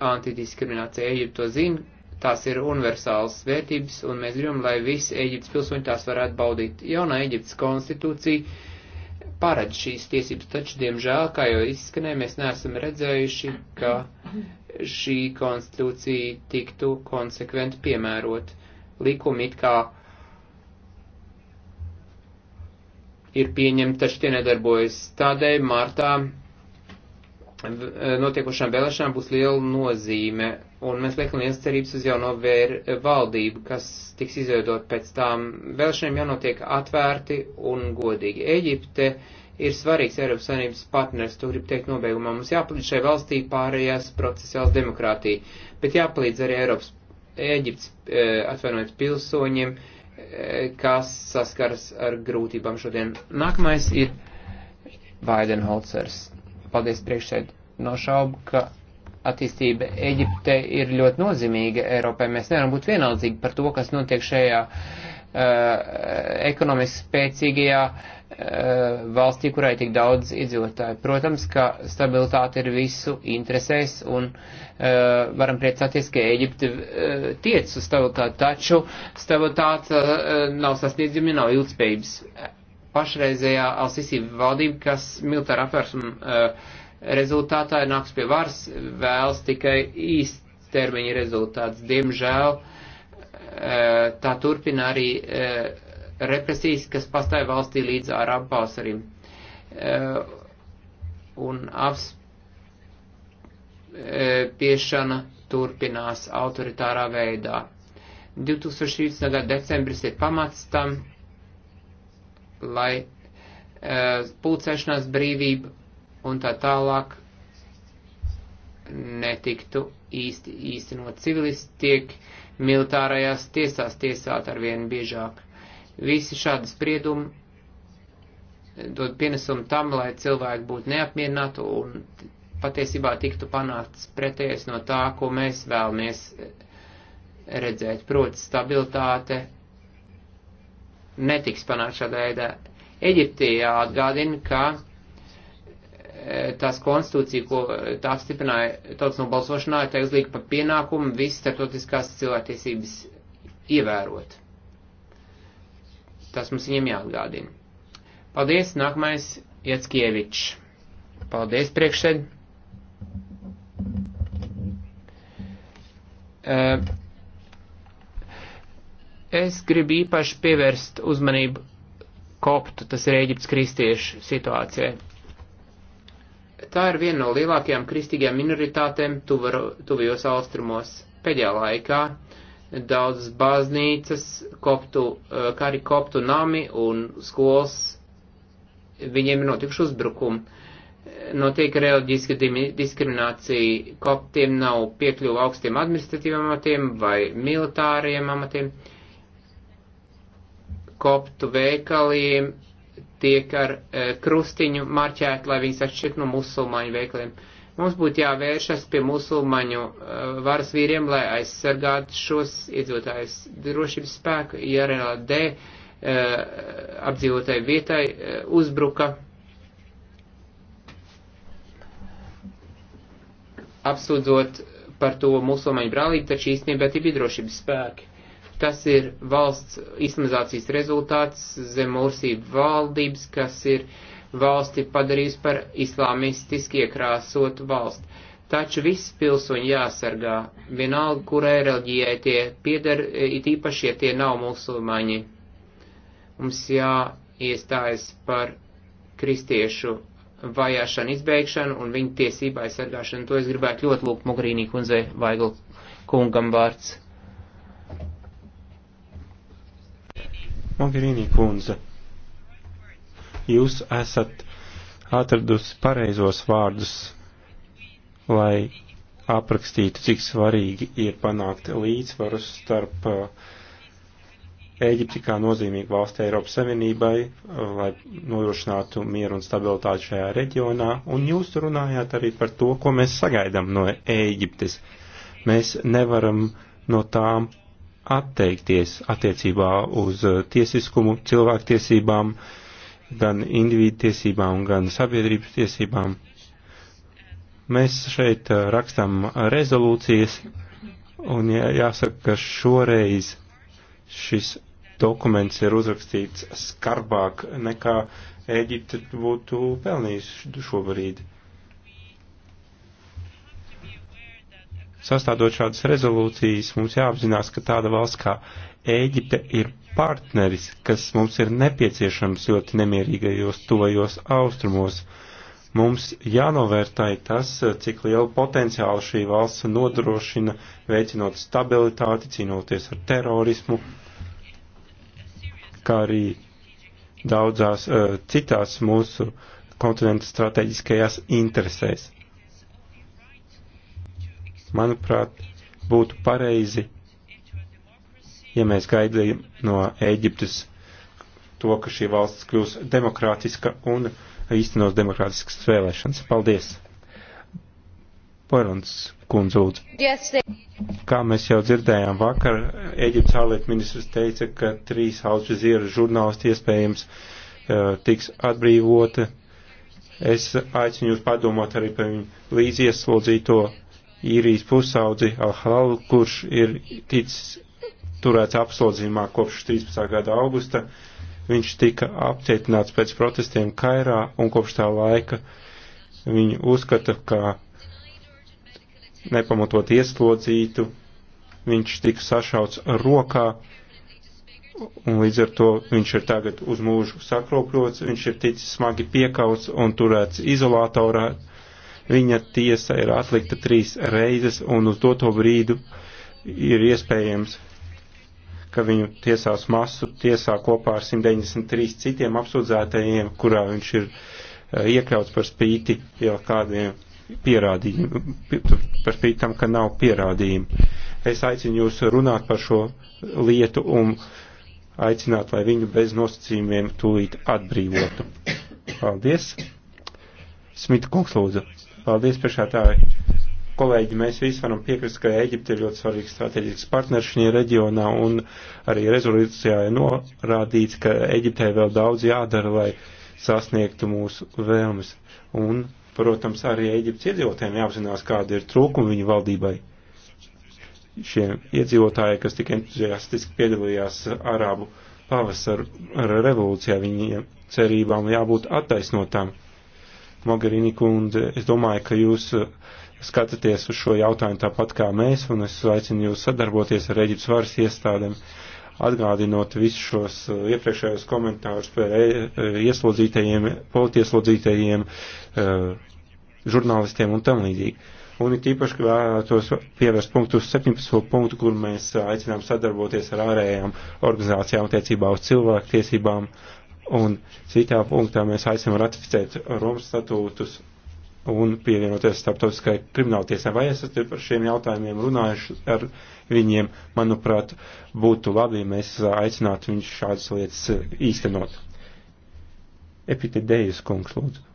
antidiskriminācija. Eģipte to zina, tās ir universālas vērtības, un mēs gribam, lai visi Eģiptes pilsoņi tās varētu baudīt. Jaunā Eģiptes konstitūcija paredz šīs tiesības, taču, diemžēl, kā jau izskanēja, mēs neesam redzējuši, ka šī konstitūcija tiktu konsekventi piemērot. Likumi it kā ir pieņemti, taču tie nedarbojas. Tādēļ martā Eh, notiekošām vēlēšanām būs liela nozīme, un mēs liekam liels cerības uz jauno vēr eh, valdību, kas tiks izveidot pēc tām vēlēšanām jānotiek atvērti un godīgi. Eģipte ir svarīgs Eiropas Savienības partners, to grib teikt nobeigumā. Mums jāpalīdz šai valstī pārējās procesuāls demokrātija, bet jāpalīdz arī Eiropas, Eģiptes, eh, atvainojiet, pilsoņiem, kas saskaras ar grūtībām šodien. Nākamais ir Vaidenholcers. Paldies priekšsēd. No šaubu, ka attīstība Eģipte ir ļoti nozīmīga Eiropai. Mēs nevaram būt vienaldzīgi par to, kas notiek šajā uh, ekonomiski spēcīgajā uh, valstī, kurai tik daudz iedzīvotāju. Protams, ka stabilitāte ir visu interesēs un uh, varam priecāties, ka Eģipte uh, tiec uz stabilitāti, taču stabilitāte uh, nav sasniedzami, nav ilgspējības pašreizējā Alsisī valdība, kas militāra apvērsuma uh, rezultātā nāks pie varas, vēlas tikai īstermiņa rezultāts. Diemžēl uh, tā turpina arī uh, represijas, kas pastāja valstī līdz ārām pavasarim. Uh, un apspiešana turpinās autoritārā veidā. 2016. gada decembris ir pamats tam, lai e, pulcēšanās brīvība un tā tālāk netiktu īsti, īstenot civilisti, tiek militārajās tiesās tiesāt ar vienu biežāk. Visi šādi spriedumi dod pienesumu tam, lai cilvēki būtu neapmierināti un patiesībā tiktu panākts pretējais no tā, ko mēs vēlamies redzēt, proti stabilitāte, netiks panākt šādā veidā. Eģiptē atgādina, ka e, tās konstitūcija, ko tā apstiprināja tautas nobalsošanā, ir teiks līga par pienākumu visas startotiskās cilvēktiesības ievērot. Tas mums viņiem jāatgādina. Paldies, nākamais Jackievičs. Paldies, priekšsēd. Uh, Es gribu īpaši pievērst uzmanību koptu, tas ir Ēģiptes kristiešu situācijai. Tā ir viena no lielākajām kristīgajām minoritātēm tuvajos austrumos. Pēdējā laikā daudzas baznīcas, koptu, eh, kā arī koptu nami un skolas, viņiem ir notikuši uzbrukumi. Notiek reliģiska diskriminācija, koptiem nav piekļuva augstiem administratīviem amatiem vai militāriem amatiem. Uh, koptu veikaliem tiek ar e, krustiņu marķēt, lai viņas atšķirt no musulmaņu veikaliem. Mums būtu jāvēršas pie musulmaņu e, varas vīriem, lai aizsargātu šos iedzīvotājus drošības spēku, ja RLD e, apdzīvotai vietai e, uzbruka. Apsūdzot par to musulmaņu brālību, taču īstenībā tie bija drošības spēki. Tas ir valsts islamizācijas rezultāts zem mursību valdības, kas ir valsti padarījis par islāmistiski iekrāsotu valsti. Taču visi pilsoņi jāsargā, vienalga, kurai reliģijai tie pieder, it īpaši, ja tie nav musulmaņi. Mums jāiestājas par kristiešu vajāšanu izbeigšanu un viņu tiesību aizsargāšanu. To es gribētu ļoti lūgt Mugrīnī kundzei Vaigl kungam vārds. Mogherini kundze, jūs esat atradusi pareizos vārdus, lai aprakstītu, cik svarīgi ir panākt līdzsvaru starp Ēģipti uh, kā nozīmīgu valsti Eiropas Savienībai, uh, lai nodrošinātu mieru un stabilitāti šajā reģionā, un jūs runājāt arī par to, ko mēs sagaidām no Ēģiptes. Mēs nevaram no tām atteikties attiecībā uz uh, tiesiskumu, cilvēktiesībām, gan individu tiesībām, gan sabiedrības tiesībām. Mēs šeit uh, rakstam rezolūcijas, un jāsaka, ka šoreiz šis dokuments ir uzrakstīts skarbāk nekā Ēģipte būtu pelnījusi šobrīd. sastādot šādas rezolūcijas, mums jāapzinās, ka tāda valsts kā Ēģipte ir partneris, kas mums ir nepieciešams ļoti nemierīgajos tojos austrumos. Mums jānovērtē tas, cik lielu potenciālu šī valsts nodrošina, veicinot stabilitāti, cīnoties ar terorismu, kā arī daudzās uh, citās mūsu kontinentu strateģiskajās interesēs Manuprāt, būtu pareizi, ja mēs gaidījām no Ēģiptes to, ka šī valsts kļūs demokrātiska un īstenos demokrātiskas vēlēšanas. Paldies! Porons kundze lūdzu. Kā mēs jau dzirdējām vakar, Eģiptes ārlietu ministrs teica, ka trīs Alžīra žurnālisti iespējams uh, tiks atbrīvoti. Es aicinu jūs padomāt arī par viņu līdzi ieslodzīto īrijas pusaudzi Alhalu, kurš ir ticis turēts apslodzījumā kopš 13. gada augusta. Viņš tika apcietināts pēc protestiem Kairā un kopš tā laika viņu uzskata, kā nepamatot ieslodzītu. Viņš tika sašauts rokā un līdz ar to viņš ir tagad uz mūžu sakropļots, viņš ir ticis smagi piekauts un turēts izolatorā Viņa tiesa ir atlikta trīs reizes un uz doto brīdu ir iespējams, ka viņu tiesās masu tiesā kopā ar 193 citiem apsūdzētajiem, kurā viņš ir eh, iekļauts par spīti jau kādiem pierādījumiem, par spīti tam, ka nav pierādījumi. Es aicinu jūs runāt par šo lietu un aicināt, lai viņu bez nosacījumiem tūlīt atbrīvotu. Paldies! Smita kungs lūdzu. Paldies, priekšētāji. Kolēģi, mēs visi varam piekrist, ka Eģipte ir ļoti svarīgs strateģisks partners šajā reģionā, un arī rezolūcijā ir norādīts, ka Eģiptē vēl daudz jādara, lai sasniegtu mūsu vēlmes. Un, protams, arī Eģiptes iedzīvotājiem jāapzinās, kāda ir trūkuma viņu valdībai šie iedzīvotāji, kas tik entuziastiski piedalījās Arābu pavasaru revolūcijā, viņiem cerībām jābūt attaisnotām. Mogherini kundze, es domāju, ka jūs uh, skatāties uz šo jautājumu tāpat kā mēs, un es aicinu jūs sadarboties ar Eģiptes varas iestādēm, atgādinot visus šos uh, iepriekšējos komentārus par e, e, ieslodzītajiem, politieslodzītajiem, uh, žurnālistiem un tam līdzīgi. Un ir tīpaši vēlētos pievērst punktu uz 17. punktu, kur mēs aicinām sadarboties ar ārējām organizācijām attiecībā uz cilvēku tiesībām, uh, Un citā punktā mēs aicinām ratificēt Romas statūtus un pievienoties starptautiskai krimināltiesai. Vai esat par šiem jautājumiem runājuši ar viņiem? Manuprāt, būtu labi, ja mēs aicinātu viņus šādas lietas īstenot. Epitēdējas kungs, lūdzu.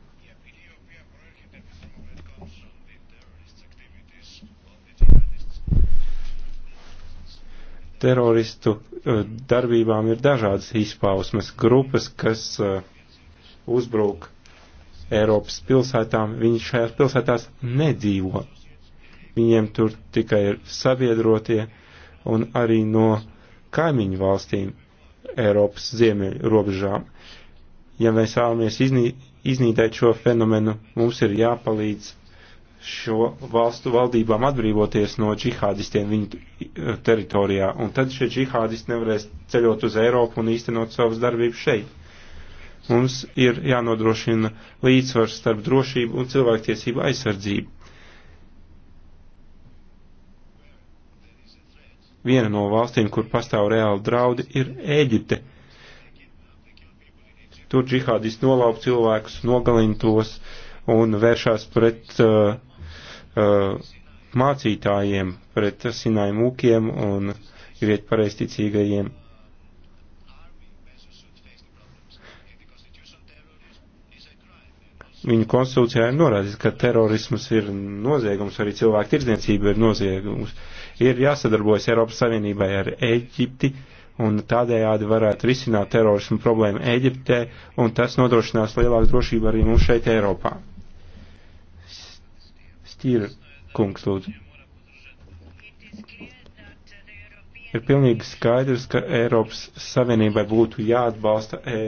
teroristu eh, darbībām ir dažādas izpausmes. Grupas, kas eh, uzbruk Eiropas pilsētām, viņi šajās pilsētās nedzīvo. Viņiem tur tikai ir sabiedrotie un arī no kaimiņu valstīm Eiropas ziemeļu robežām. Ja mēs vēlamies iznī, iznīdēt šo fenomenu, mums ir jāpalīdz šo valstu valdībām atbrīvoties no džihādistiem viņu teritorijā, un tad šie džihādisti nevarēs ceļot uz Eiropu un īstenot savas darbības šeit. Mums ir jānodrošina līdzsvars starp drošību un cilvēktiesību aizsardzību. Viena no valstīm, kur pastāv reāli draudi, ir Ēģipte. Tur džihādisti nolaup cilvēkus, nogalina tos un vēršās pret uh, Uh, mācītājiem, pret sināju mūkiem un grieķu pareisticīgajiem. Viņa konstitūcijā ir norādīts, ka terorisms ir noziegums, arī cilvēku tirdzniecība ir noziegums. Ir jāsadarbojas Eiropas Savienībai ar Eģipti, un tādējādi varētu risināt terorismu problēmu Eģiptē, un tas nodrošinās lielāku drošību arī mums šeit Eiropā. Tīra kungs, lūdzu. Ir pilnīgi skaidrs, ka Eiropas Savienībai būtu jāatbalsta e,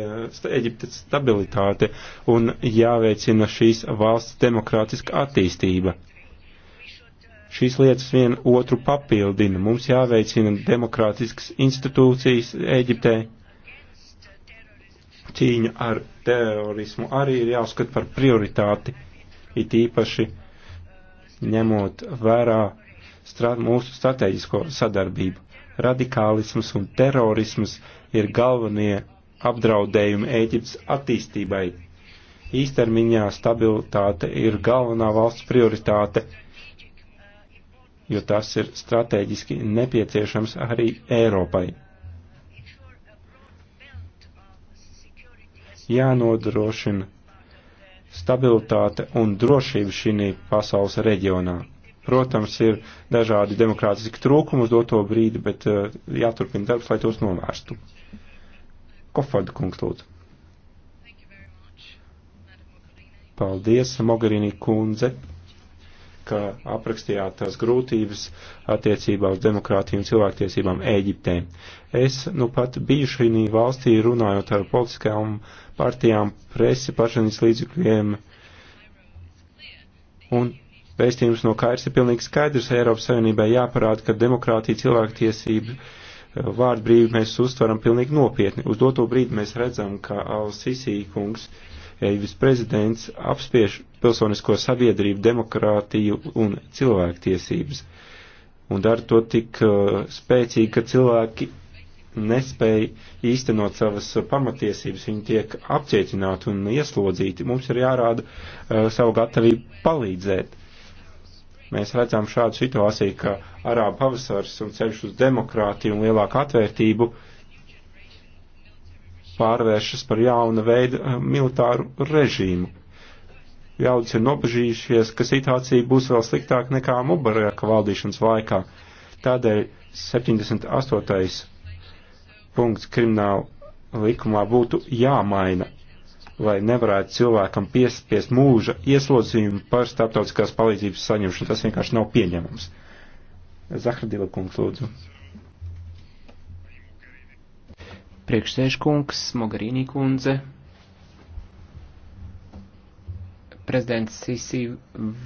Eģiptes stabilitāte un jāveicina šīs valsts demokrātiska attīstība. Šīs lietas viena otru papildina. Mums jāveicina demokrātiskas institūcijas Eģiptē. Cīņa ar terorismu arī ir jāuzskata par prioritāti, it īpaši ņemot vērā strāt, mūsu strateģisko sadarbību. Radikālisms un terorisms ir galvenie apdraudējumi Ēģiptes attīstībai. Īstermiņā stabilitāte ir galvenā valsts prioritāte, jo tas ir strateģiski nepieciešams arī Eiropai. Jānodrošina stabilitāte un drošība šī pasaules reģionā. Protams, ir dažādi demokrātiski trūkumi uz doto brīdi, bet uh, jāturpina darbs, lai tos novērstu. Kofarda kungs lūdzu. Paldies, Mogarīnī kundze ka aprakstījāt tās grūtības attiecībā uz demokrātiju un cilvēktiesībām Ēģiptē. Es nu pat biju šī valstī runājot ar politiskajām partijām, presi, pašanas līdzekļiem, un vēstījums no Kairs ir pilnīgi skaidrs Eiropas Savienībai jāparāda, ka demokrātija cilvēktiesība vārdu brīvi mēs uztveram pilnīgi nopietni. Uz doto brīdi mēs redzam, ka Al Sisī kungs uh, ja jūs prezidents apspiež pilsonisko sabiedrību, demokrātiju un cilvēktiesības. Un dara to tik uh, spēcīgi, ka cilvēki nespēja īstenot savas uh, pamatiesības, viņi tiek apcietināti un ieslodzīti. Mums ir jārāda uh, savu gatavību palīdzēt. Mēs redzam šādu situāciju, ka arābu pavasars un ceļš uz demokrātiju un lielāku atvērtību uh, pārvēršas par jauna veida eh, militāru režīmu. Ļaudis ir nobežījušies, ka situācija būs vēl sliktāka nekā Mubaraka valdīšanas laikā. Tādēļ 78. punkts krimināla likumā būtu jāmaina, lai nevarētu cilvēkam piespiest mūža ieslodzījumu par starptautiskās palīdzības saņemšanu. Tas vienkārši nav pieņemams. Zahradila kungs, lūdzu. priekšsēžkungs, Mogarīnī kundze, prezidents Sisi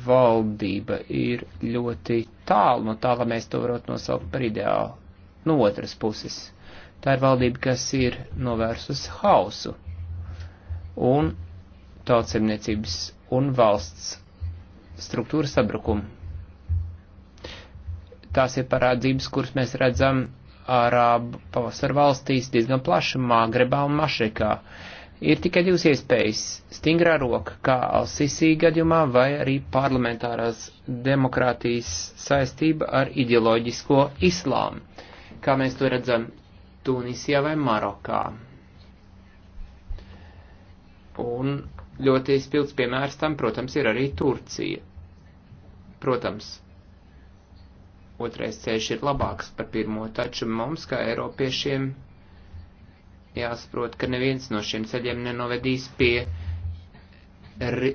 valdība ir ļoti tālu no tā, lai mēs to varētu nosaukt par ideālu. No otras puses, tā ir valdība, kas ir novērsus hausu un tautsemniecības un valsts struktūras sabrukumu. Tās ir parādzības, kuras mēs redzam Arābu pavasara valstīs, diezgan plaši Māgrebā un Mašrekā. Ir tikai divas iespējas - stingrā roka, kā Alsisī gadījumā, vai arī parlamentārās demokrātijas saistība ar ideoloģisko islāmu, kā mēs to redzam Tunisijā vai Marokā. Un ļoti spilgts piemērs tam, protams, ir arī Turcija. Protams, otrais ceļš ir labāks par pirmo, taču mums, kā Eiropiešiem, jāsaprot, ka neviens no šiem ceļiem nenovedīs pie ri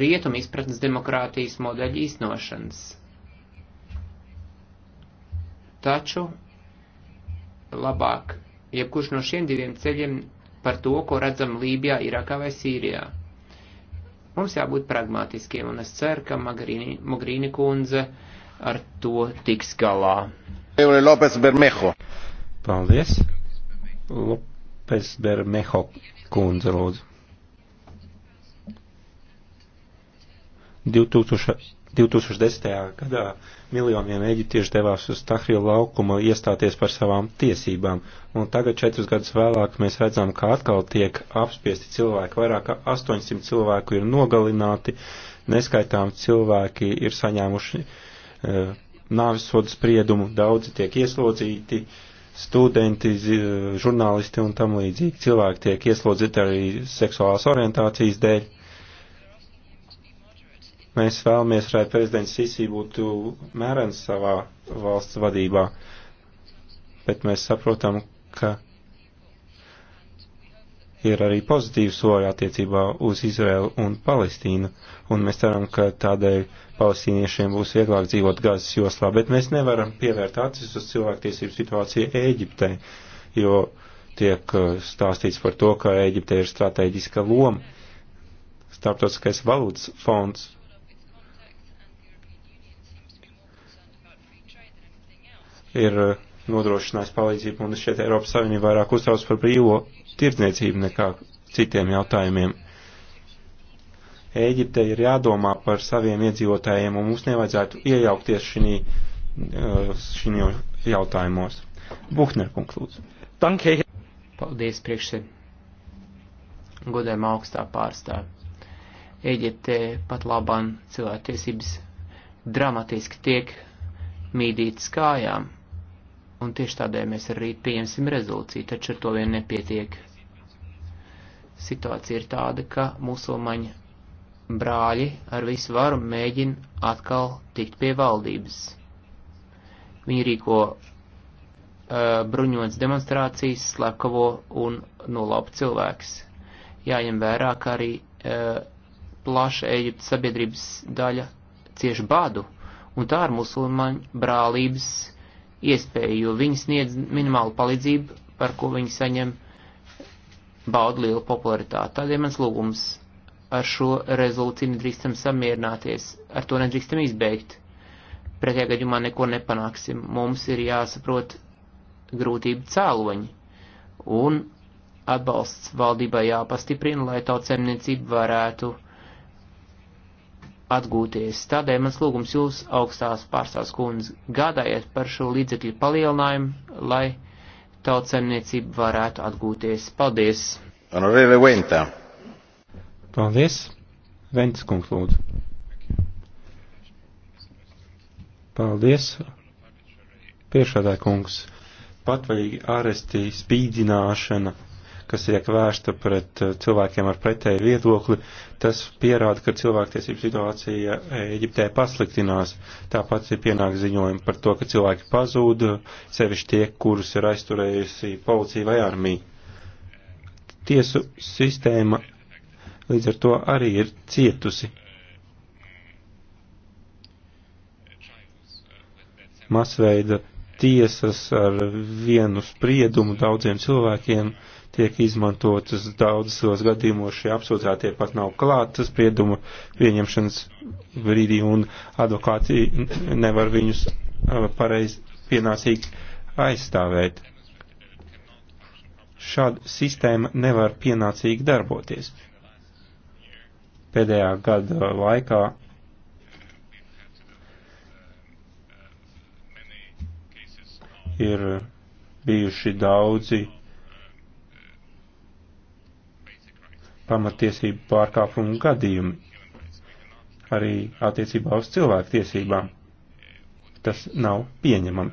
rietumu izpratnes demokrātijas modeļa īstenošanas. Taču labāk, jebkurš no šiem diviem ceļiem par to, ko redzam Lībijā, Irākā vai Sīrijā. Mums jābūt pragmatiskiem, un es ceru, ka Magrīni, Magrīni kundze uh, ar to tiks galā. Lopes Bermejo. Paldies. Lopes Bermejo kundze lūdzu. 2000, 2010. gadā miljoniem eģiptiešu devās uz Tahriju laukumu iestāties par savām tiesībām, un tagad četrus gadus vēlāk mēs redzam, ka atkal tiek apspiesti cilvēki. Vairāk kā 800 cilvēku ir nogalināti, neskaitām cilvēki ir saņēmuši uh, Eh, nāvis sodu spriedumu, daudzi tiek ieslodzīti, studenti, eh, žurnālisti un tam līdzīgi cilvēki tiek ieslodzīti arī seksuālās orientācijas dēļ. Mēs vēlamies, lai prezidents Sisi būtu mērens savā valsts vadībā, bet mēs saprotam, ka ir arī pozitīvi soļi attiecībā uz Izraelu un Palestīnu, un mēs ceram, ka tādēļ palestīniešiem būs vieglāk dzīvot Gāzes joslā, bet mēs nevaram pievērt acis uz cilvēktiesību situāciju Ēģiptē, jo tiek uh, stāstīts par to, ka Ēģiptē ir strateģiska loma. Starptautiskais valūtas fonds ir uh, nodrošinājis palīdzību, un šeit Eiropas Savienība vairāk uztrauc par brīvo tirdzniecību nekā citiem jautājumiem. Ēģipte ir jādomā par saviem iedzīvotājiem, un mums nevajadzētu iejaukties šī, uh, šī jautājumos. Buhner kungs, lūdzu. Tankie. Paldies, priekšsēd. Godējuma augstā pārstāv. Ēģipte pat labāk cilvēktiesības dramatiski tiek mīdītas kājām, un tieši tādēļ mēs arī pieņemsim rezolūciju, taču ar to vien nepietiek situācija ir tāda, ka musulmaņu brāļi ar visu varu mēģina atkal tikt pie valdības. Viņi rīko uh, bruņots demonstrācijas, slepkavo un nolaupa cilvēks. Jāņem vērā, ka arī uh, plaša Eģiptes sabiedrības daļa cieši badu, un tā ir musulmaņu brālības iespēja, jo viņi sniedz minimālu palīdzību, par ko viņi saņem uh, bauda lielu popularitāti. Tādēļ mans lūgums ar šo rezolūciju nedrīkstam samierināties, ar to nedrīkstam izbeigt. Pretējā gadījumā neko nepanāksim. Mums ir jāsaprot grūtību cēloņi. Un atbalsts valdībai jāpastiprina, lai tautsēmniecība varētu atgūties. Tādēļ mans lūgums jūs, augstās pārstāvs kundze, gādājiet par šo līdzekļu palielinājumu, lai tautsemniecība varētu atgūties. Paldies! Honorēve Venta. Paldies! Vents kungs lūdzu. Paldies! Priekšādā kungs. Patvaļīgi arestī spīdzināšana kas tiek vērsta pret eh, cilvēkiem ar pretēju viedokli, tas pierāda, ka cilvēktiesību situācija eh, Eģiptē pasliktinās. Tāpat ir pienāk ziņojumi par to, ka cilvēki pazūd, sevišķi tie, kurus ir aizturējusi policija vai armija. Tiesu sistēma līdz ar to arī ir cietusi. Masveida tiesas ar vienu spriedumu daudziem cilvēkiem uh, tiek izmantotas daudzos gadījumos šie apsūdzētie pat nav klāt sprieduma pieņemšanas brīdī un advokāti nevar viņus uh, pareizi pienācīgi aizstāvēt. Šāda sistēma nevar pienācīgi darboties. Pēdējā gada laikā ir bijuši daudzi pamatiesību pārkāpumu gadījumi, arī attiecībā uz cilvēku tiesībām. Tas nav pieņemami.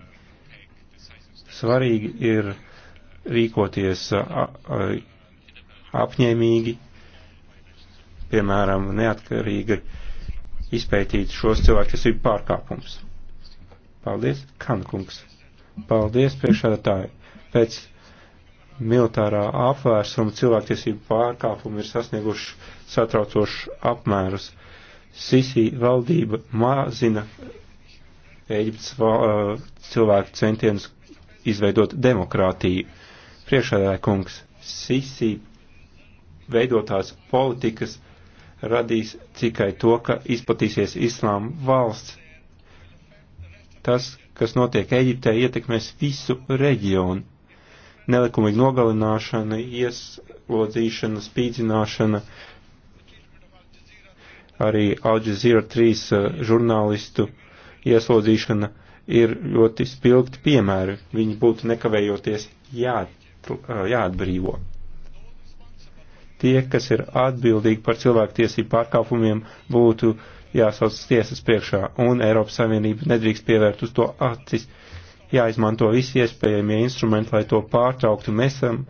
Svarīgi ir rīkoties apņēmīgi, piemēram, neatkarīgi izpētīt šos cilvēktiesību pārkāpumus. Paldies, Kankungs! Paldies, priekšādātāji! Pēc militārā apvērsuma cilvēktiesību pārkāpumi ir sasnieguši satraucošus apmērus. Sisi valdība mazina Eģiptes uh, cilvēku centienus izveidot demokrātiju. Priekšādāja kungs, Sisi veidotās politikas radīs tikai to, ka izplatīsies islāma valsts. Tas, kas notiek Eģiptē, ietekmēs visu reģionu nelikumīga nogalināšana, ieslodzīšana, spīdzināšana. Arī Alģezīra 3 uh, žurnālistu ieslodzīšana ir ļoti spilgti piemēri. Viņi būtu nekavējoties jāat, uh, jāatbrīvo. Tie, kas ir atbildīgi par cilvēktiesību pārkāpumiem, būtu jāsauc tiesas priekšā, un Eiropas Savienība nedrīkst pievērt uz to acis. Uh, jāizmanto visi iespējamie instrumenti, lai to pārtrauktu. Mēs esam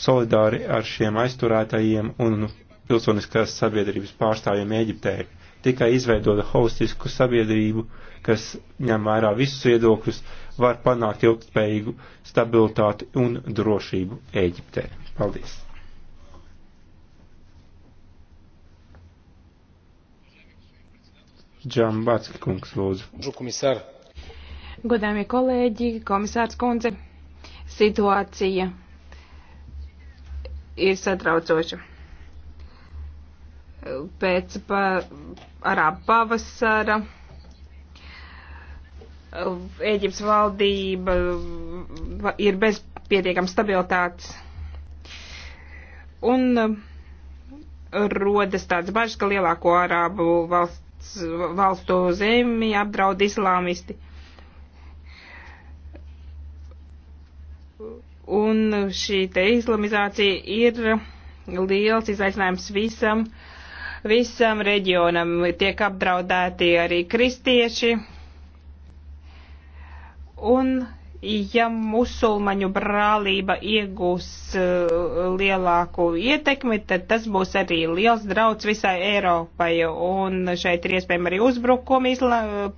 solidāri ar šiem aizturētajiem un pilsoniskās sabiedrības pārstāvjiem Eģiptē. Tikai izveidot holistisku sabiedrību, kas ņem vērā visus viedokļus, var panākt ilgspējīgu stabilitāti un drošību Eģiptē. Paldies! Džambatski kungs lūdzu. Godāmie kolēģi, komisārs kundze, situācija ir satraucoša. Pēc pa, arābu pavasara Ēģips valdība ir bez pietiekams stabilitātes. Un uh, rodas tāds bažas, ka lielāko arābu valsts, valstu zemi apdraud islāmisti. Un šī te islamizācija ir liels izaicinājums visam, visam reģionam. Tiek apdraudēti arī kristieši. Un ja musulmaņu brālība iegūs uh, lielāku ietekmi, tad tas būs arī liels drauds visai Eiropai, un šeit ir iespējami arī uzbrukumi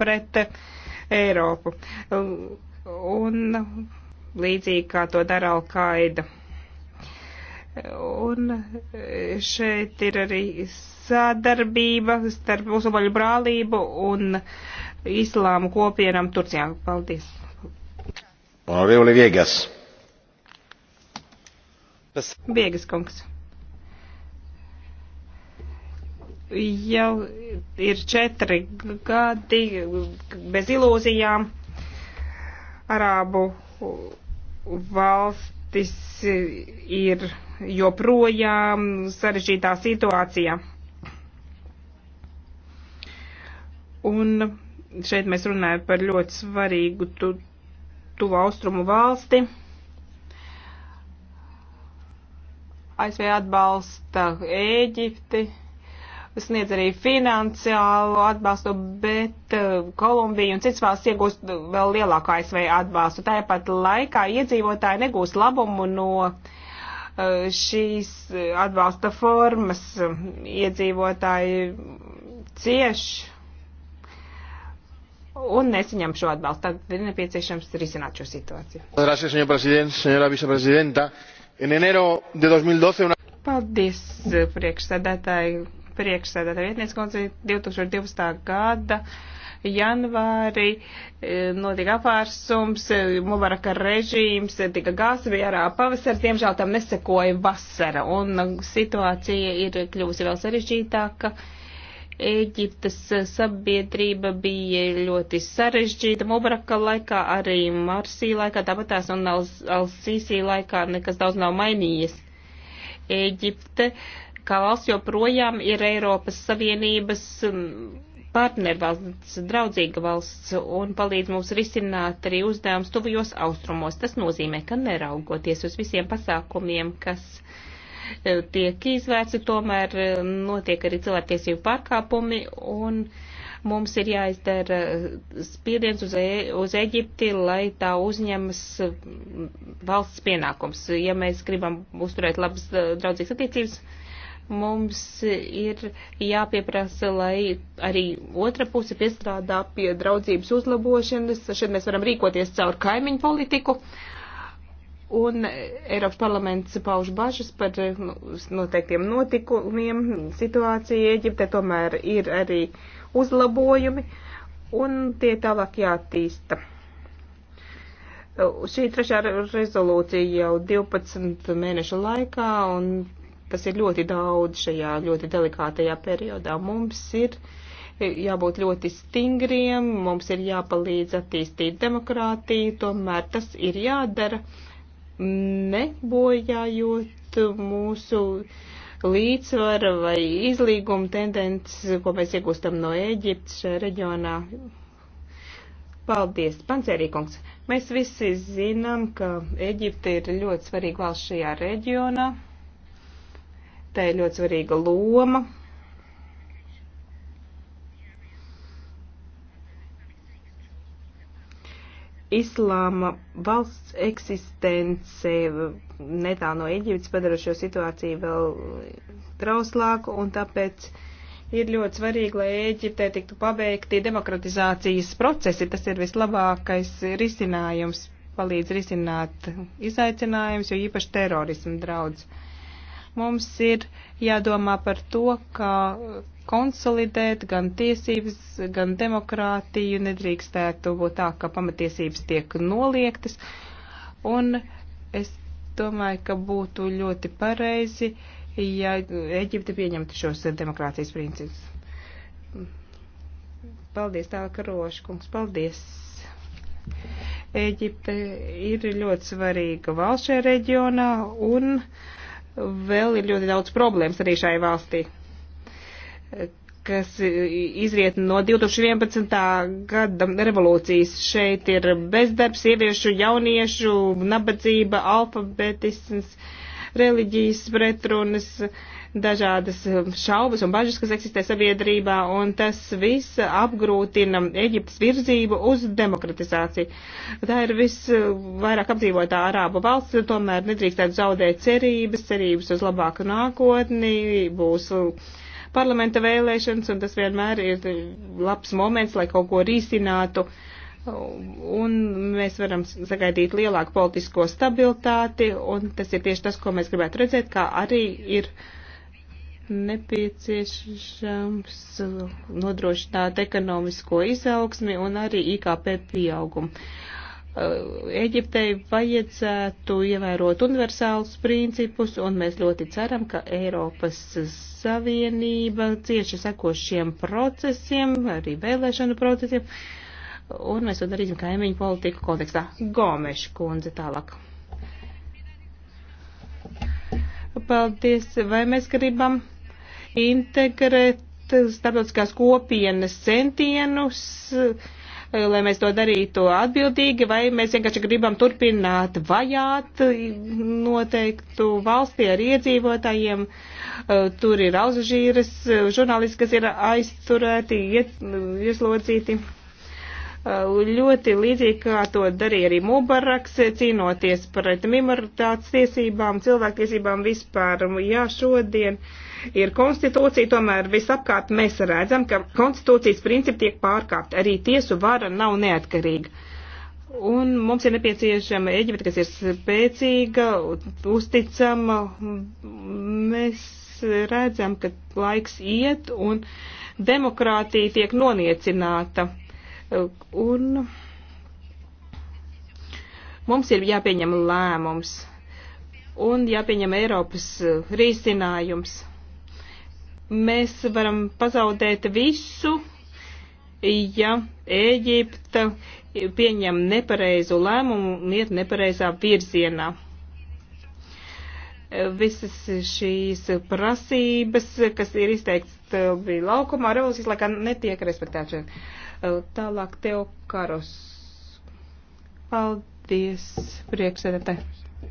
pret Eiropu. Un līdzīgi kā to dara Alkaida. Un šeit ir arī sadarbība starp musulmaņu brālību un islāmu kopienam Turcijā. Paldies. Honorevole Viegas. Viegas kungs. Jau ir četri gadi bez ilūzijām arābu valstis ir joprojām sarežģītā situācijā. Un šeit mēs runājam par ļoti svarīgu tu, tuvu austrumu valsti. ASV atbalsta Ēģipti sniedz arī finansiālu atbalstu, bet eh, Kolumbija un citas valsts iegūst vēl lielāku ASV atbalstu. Tāpat laikā iedzīvotāji negūst labumu no eh, šīs atbalsta formas. Iedzīvotāji cieši un nesaņem šo atbalstu. Tad ir nepieciešams risināt šo situāciju. Gracias, señor presidente, señora viceprezidenta. En enero de 2012 una... Paldies, priekšsēdētāji priekšsēdētāja vietniece kundze 2012. gada janvārī e, notika apvērsums, e, Mubaraka režīms e, tika gāsts, bija arā pavasars, diemžēl tam nesekoja vasara, un situācija ir kļuvusi vēl sarežģītāka. Eģiptes sabiedrība bija ļoti sarežģīta Mubaraka laikā, arī Marsī laikā, tāpat tās un Al-Sīsī laikā nekas daudz nav mainījies. Eģipte uh, ka valsts joprojām ir Eiropas Savienības um, partnervalsts, draudzīga valsts un palīdz mums risināt arī uzdevums tuvajos austrumos. Tas nozīmē, ka neraugoties uz visiem pasākumiem, kas eh, tiek izvērsti, tomēr eh, notiek arī cilvēktiesību pārkāpumi un mums ir jāizdara eh, spiediens uz, e uz Eģipti, lai tā uzņemas valsts pienākums. Ja mēs gribam uzturēt labas draudzīgas attiecības, mums ir jāpieprasa, lai arī otra puse piestrādā pie draudzības uzlabošanas. Šeit mēs varam rīkoties caur kaimiņu politiku. Un Eiropas parlaments pauž bažas par noteiktiem notikumiem. Situācija Eģipte tomēr ir arī uzlabojumi un tie tālāk jātīsta. Šī trešā rezolūcija jau 12 mēnešu laikā un Tas ir ļoti daudz šajā ļoti delikātajā periodā. Mums ir jābūt ļoti stingriem, mums ir jāpalīdz attīstīt demokrātiju, tomēr tas ir jādara, nebojājot mūsu līdzsvara vai izlīguma tendences, ko mēs iegūstam no Ēģiptes šajā reģionā. Paldies, Pancerīkungs. Mēs visi zinām, ka Eģipte ir ļoti svarīga valsts šajā reģionā. Tā ir ļoti svarīga loma. Islāma valsts eksistence netālu no Eģiptes padara šo situāciju vēl trauslāku, un tāpēc ir ļoti svarīgi, lai Eģiptē tiktu pabeigti demokratizācijas procesi. Tas ir vislabākais risinājums, palīdz risināt izaicinājums, jo īpaši terorismu draudz. Uh, Mums ir jādomā par to, kā konsolidēt gan tiesības, gan demokrātiju, nedrīkstētu būt tā, ka pamatiesības tiek noliektas. Un es domāju, ka būtu ļoti pareizi, ja Eģipte pieņemtu šos demokrātijas principus. Paldies, tālāk Roškungs, paldies. Eģipte ir ļoti svarīga valsts šajā reģionā un vēl ir ļoti daudz problēmas arī šai valstī, kas izriet no 2011. gada revolūcijas. Šeit ir bezdarbs, sieviešu, jauniešu, nabadzība, alfabetisms, reliģijas pretrunas. Uh, dažādas um, šaubas un bažas, kas eksistē sabiedrībā, un tas viss apgrūtina Eģiptes virzību uz demokratizāciju. Tā ir visvairāk apdzīvotā arābu valsts, tomēr nedrīkstētu zaudēt cerības, cerības uz labāku nākotni, būs um, parlamenta vēlēšanas, un tas vienmēr ir labs moments, lai kaut ko risinātu un mēs varam sagaidīt lielāku politisko stabilitāti, un tas ir tieši tas, ko mēs gribētu redzēt, kā arī ir uh, nepieciešams nodrošināt ekonomisko izaugsmi un arī IKP pieaugumu. Uh, Eģiptei vajadzētu ievērot universālus principus, un mēs ļoti ceram, ka Eiropas Savienība cieši sekos šiem procesiem, arī vēlēšanu procesiem, un mēs to darīsim kaimiņu politiku kontekstā. Gomeša kundze tālāk. Paldies. Vai mēs gribam integrēt starptautiskās kopienas centienus, lai mēs to darītu atbildīgi, vai mēs vienkārši gribam turpināt vajāt noteiktu valstī ar iedzīvotājiem. Tur ir alžīras žurnālisti, kas ir aizturēti, ieslodzīti. Iet, Eh, ļoti līdzīgi kā to darīja arī Mubaraks, eh, cīnoties pret minoritātes tiesībām, cilvēktiesībām vispār. Jā, šodien ir konstitūcija, tomēr visapkārt mēs redzam, ka konstitūcijas principi tiek pārkāpt. Arī tiesu vara nav neatkarīga. Un mums ir nepieciešama Eģipte, kas ir spēcīga, uzticama. Mēs redzam, ka laiks iet un demokrātija tiek noniecināta Un mums ir jāpieņem lēmums un jāpieņem Eiropas risinājums. Mēs varam pazaudēt visu, ja Ēģipta pieņem nepareizu lēmumu un iet nepareizā virzienā. Visas šīs prasības, kas ir izteikts bija laukumā, revolūcijas laikā netiek respektēt šeit. Tālāk Teokaros. Paldies, priekšsēdētāji.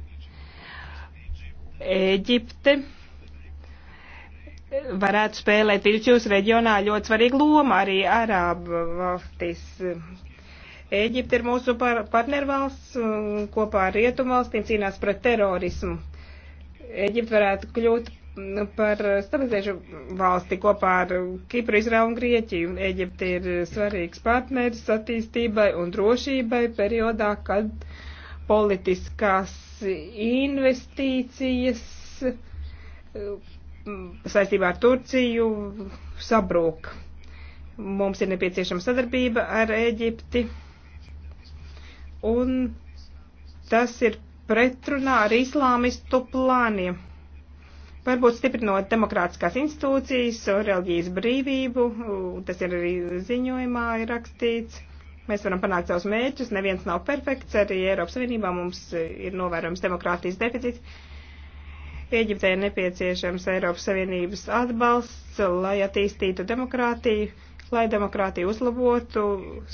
Eģipte varētu spēlēt vidusjūras reģionā ļoti svarīgu lomu arī Arābu valstīs. Eģipte ir mūsu par partnervalsts, kopā ar Rietumvalstīm cīnās pret terorismu. Eģipte varētu kļūt par stabilizējušu valsti kopā ar Kipru, Izraelu un Grieķiju. Eģipte ir svarīgs partneris attīstībai un drošībai periodā, kad politiskās investīcijas saistībā ar Turciju sabrūk. Mums ir nepieciešama sadarbība ar Eģipti, un tas ir pretrunā ar islāmistu plāniem Varbūt stiprinot demokrātiskās institūcijas un reliģijas brīvību, tas ir arī ziņojumā ir rakstīts. Mēs varam panākt savus mērķus, neviens nav perfekts, arī Eiropas Savienībā mums ir novērojams demokrātijas deficīts. Ēģiptē ir nepieciešams Eiropas Savienības atbalsts, lai attīstītu demokrātiju, lai demokrātiju uzlabotu,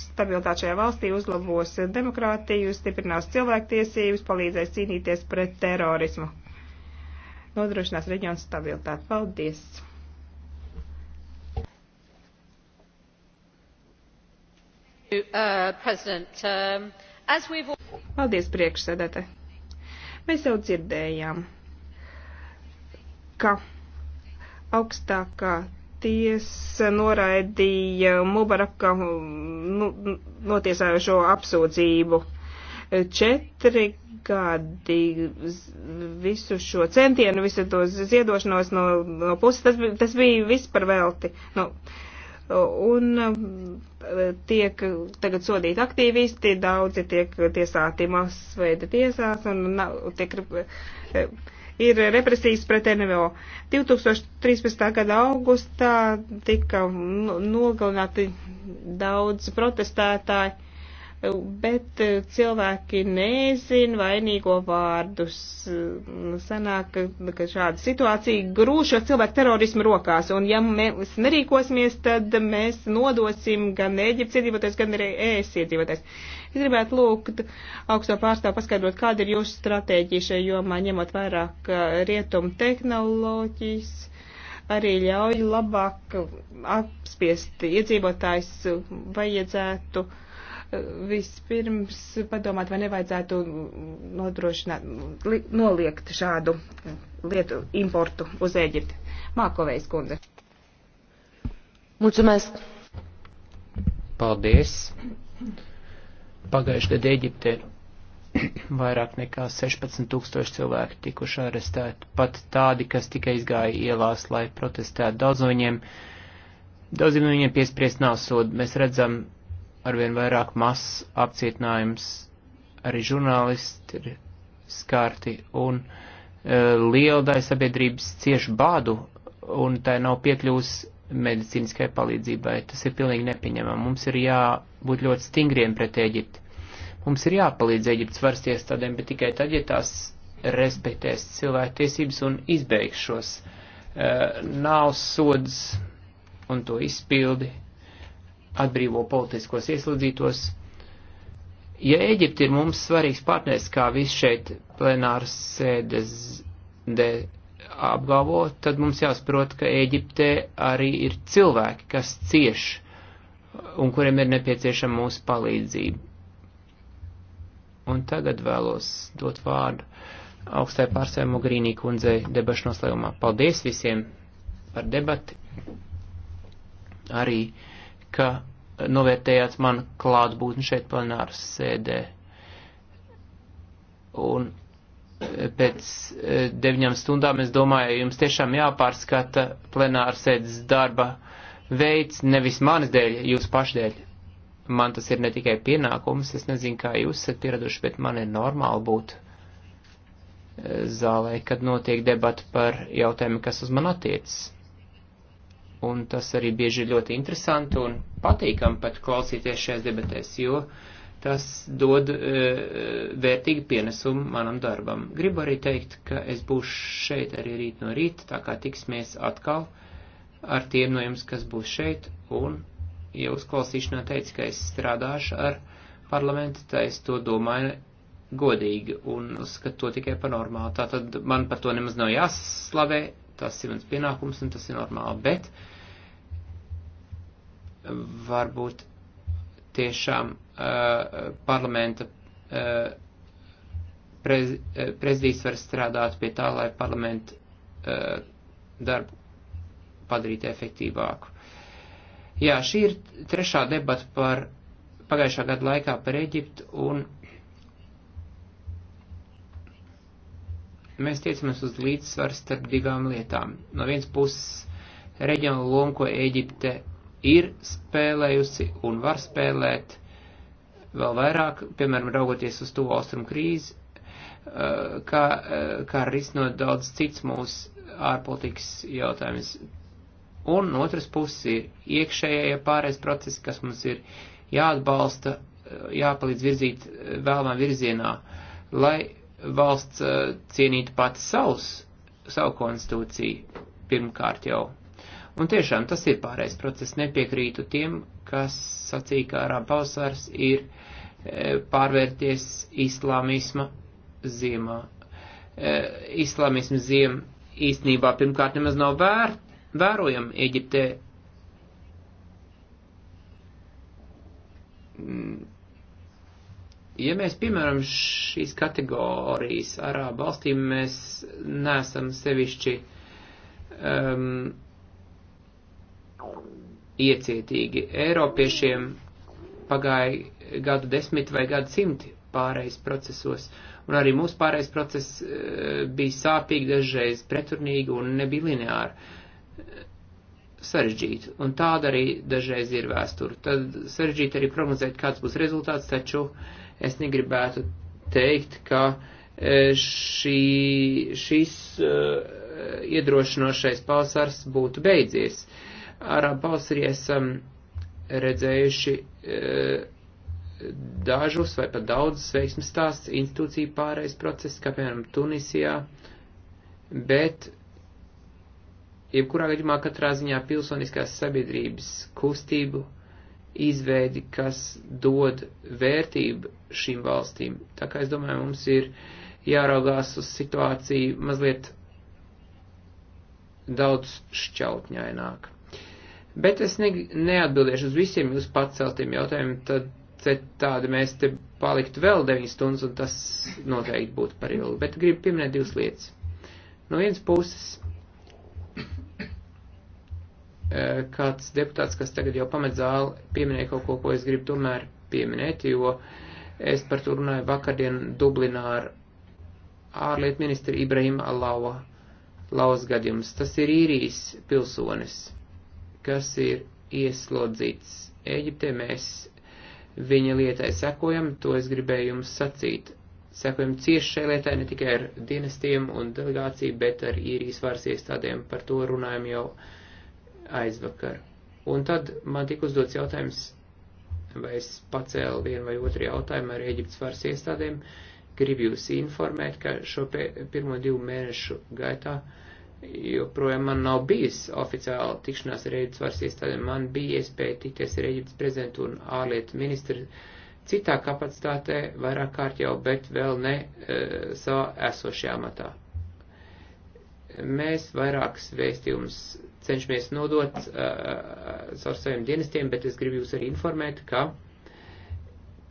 stabilitāte šajā valstī uzlabos demokrātiju, stiprinās cilvēktiesības, palīdzēs cīnīties pret terorismu nodrošinās reģionu stabilitāti. Paldies! Uh, um, Paldies, priekšsēdētāji! Mēs jau dzirdējām, ka augstākā tiesa noraidīja Mubaraka nu, nu, notiesājošo apsūdzību. Četri gadi visu šo centienu, visu to ziedošanos no, no puses, tas, bija, tas bija viss par velti. Nu, un eh, tiek tagad sodīti aktīvisti, daudzi tiek tiesāti masveida tiesās un nav, tiek, eh, ir represijas pret NVO. 2013. gada augustā tika nogalināti daudz protestētāji bet eh, cilvēki nezin vainīgo vārdus. Mm, sanāk, ka šāda situācija grūž šo cilvēku terorismu rokās, un ja mēs nerīkosimies, tad mēs nodosim gan Eģiptes iedzīvotājs, gan arī ES iedzīvotājs. Es gribētu lūgt augsto pārstāvu paskaidrot, kāda ir jūsu stratēģija šajā jomā, ņemot vairāk eh, rietumu tehnoloģijas arī ļauj labāk apspiest iedzīvotājs vajadzētu uh, vispirms padomāt, vai nevajadzētu nodrošināt, li, noliegt šādu lietu importu uz Ēģipti. Mākovejs kundze. Mulțumesc! Paldies! Pagājušajā gadā Eģipte vairāk nekā 16 tūkstoši cilvēku tikuši arestēti, pat tādi, kas tikai izgāja ielās, lai protestētu. Daudz no viņiem, daudz no viņiem piespriest nav sodu. Mēs redzam arvien vairāk mas apcietinājums, arī žurnālisti ir skarti un e, liela daļa sabiedrības cieš bādu un tai nav piekļūs medicīniskai palīdzībai. Tas ir pilnīgi nepieņemami. Mums ir jābūt ļoti stingriem pret Eģipti. Mums ir jāpalīdz Eģiptes varas iestādēm, bet tikai tad, ja tās respektēs cilvēktiesības un izbeigs šos uh, e, nav sods un to izpildi atbrīvo politiskos ieslodzītos. Ja Eģipte ir mums svarīgs partners, kā viss šeit plenārs sēdes de apgalvo, tad mums jāsaprot, ka Eģiptē arī ir cilvēki, kas cieš un kuriem ir nepieciešama mūsu palīdzība. Un tagad vēlos dot vārdu augstai pārstāvjai Mogrīnī kundzei debašu noslēgumā. Paldies visiem par debati. Arī, ka novērtējāt man klātbūtni šeit plenāras sēdē. Un e, pēc e, deviņām stundām es domāju, jums tiešām jāpārskata plenāras sēdes darba veids nevis manas dēļ, jūs pašdēļ. Man tas ir ne tikai pienākums, es nezinu, kā jūs esat pieraduši, bet man ir normāli būt e, zālē, kad notiek debata par jautājumu, kas uz man attiecas un tas arī bieži ir ļoti interesanti un patīkam pat klausīties šajās debatēs, jo tas dod e, vērtīgu pienesumu manam darbam. Gribu arī teikt, ka es būšu šeit arī rīt no rīta, tā kā tiksimies atkal ar tiem no jums, kas būs šeit, un jau uzklausīšanā teicu, ka es strādāšu ar parlamentu, tā es to domāju godīgi un uzskatu to tikai par normālu. Tātad man par to nemaz nav jāslavē, tas ir mans pienākums un tas ir normāli, bet varbūt tiešām uh, parlamenta uh, prez, uh, prezidijs var strādāt pie tā, lai parlamenta uh, darbu padarītu efektīvāku. Jā, šī ir trešā debata par pagājušā gada laikā par Eģiptu un Mēs tiecamies uz līdzsvaru starp divām lietām. No vienas puses reģionāla loma, ko Ēģipte ir spēlējusi un var spēlēt vēl vairāk, piemēram, raugoties uz to austrumu krīzi, eh, kā, eh, kā risinot daudz cits mūsu ārpolitikas jautājums. Un otras puses ir iekšējie pārējais procesi, kas mums ir jāatbalsta, eh, jāpalīdz virzīt vēlamā virzienā, lai valsts eh, cienītu pati savus, savu konstitūciju pirmkārt jau. Un tiešām tas ir pārējais process, nepiekrītu tiem, kas sacīja, ka arāba pavasars ir eh, pārvērties islāmisma ziemā. Eh, islāmisma ziem īstenībā pirmkārt nemaz nav vēr, vērojama Eģiptē. Mm, Ja mēs, piemēram, šīs kategorijas arābu valstīm, mēs neesam sevišķi um, iecietīgi. Eiropiešiem pagāja gadu desmit vai gadu simti pārējais procesos, un arī mūsu pārējais process uh, bija sāpīgi, dažreiz preturnīgi un nebija lineāri uh, sarežģīti, un tāda arī dažreiz ir vēsture. Tad sarežģīti arī prognozēt, kāds būs rezultāts, taču uh, Es negribētu teikt, ka e, šī, šis uh, iedrošinošais pavasars būtu beidzies. Arā pavasarī esam redzējuši uh, dažus vai pat daudzus veiksmes stāsts institūciju pārējais process, kā piemēram Tunisijā, bet jebkurā gadījumā katrā ziņā pilsoniskās sabiedrības kustību izveidi, kas dod vērtību šīm valstīm. Tā kā es domāju, mums ir jāraugās uz situāciju mazliet daudz šķautņaināk. Bet es ne, neatbildēšu uz visiem jūs paceltiem jautājumiem, tad te tādi mēs te paliktu vēl 9 stundas, un tas noteikti būtu par ilgu. Bet gribu pieminēt divas lietas. No vienas puses Eh, kāds deputāts, kas tagad jau pamet zāli, pieminēja kaut ko, ko es gribu tomēr pieminēt, jo es par to runāju vakardien Dublinā ar ārlietu ministru Ibrahima Alava lauz gadījums. Tas ir īrijas pilsonis, kas ir ieslodzīts Ēģiptē. Mēs viņa lietai sekojam, to es gribēju jums sacīt. Sekojam cieši šai lietai ne tikai ar dienestiem un delegāciju, bet ar īrijas varas iestādēm. Par to runājam jau aizvakar. Un tad man tika uzdots jautājums, vai es pacēlu vienu vai otru jautājumu ar Eģiptes varas iestādēm. Gribu jūs informēt, ka šo pirmo divu mēnešu gaitā joprojām man nav bijis oficiāli tikšanās ar Eģiptes varas iestādēm. Man bija iespēja tikties ar Eģiptes prezidentu un ārlietu ministru citā kapacitātē vairāk kārt jau, bet vēl ne e, savā esošajā matā. Mēs vairākas vēstījumus cenšamies nodot uh, uh, caur saviem dienestiem, bet es gribu jūs arī informēt, ka,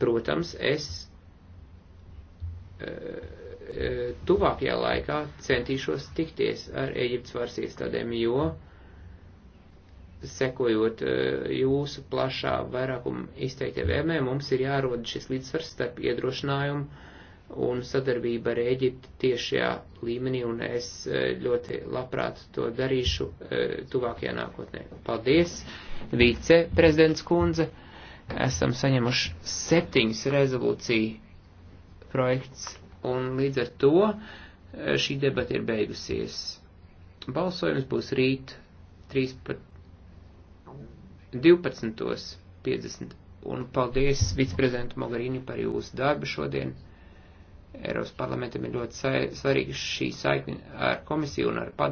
protams, es uh, uh, tuvākajā laikā centīšos tikties ar Eģiptes varas iestādēm, jo sekojot uh, jūsu plašā vairākuma izteiktie vēmē, mums ir jārod šis līdzsvars starp iedrošinājumu un sadarbība ar Eģipti tieši šajā līmenī, un es eh, ļoti labprāt to darīšu eh, tuvākajā nākotnē. Paldies, viceprezidents kundze. Esam saņemuši septiņas rezolūciju projekts, un līdz ar to eh, šī debata ir beigusies. Balsojums būs rīt 12.50, un paldies viceprezidentu Mogarīni par jūsu darbu šodien. Eiropas parlamentam ir ļoti svarīga šī saikne ar komisiju un ar padomu.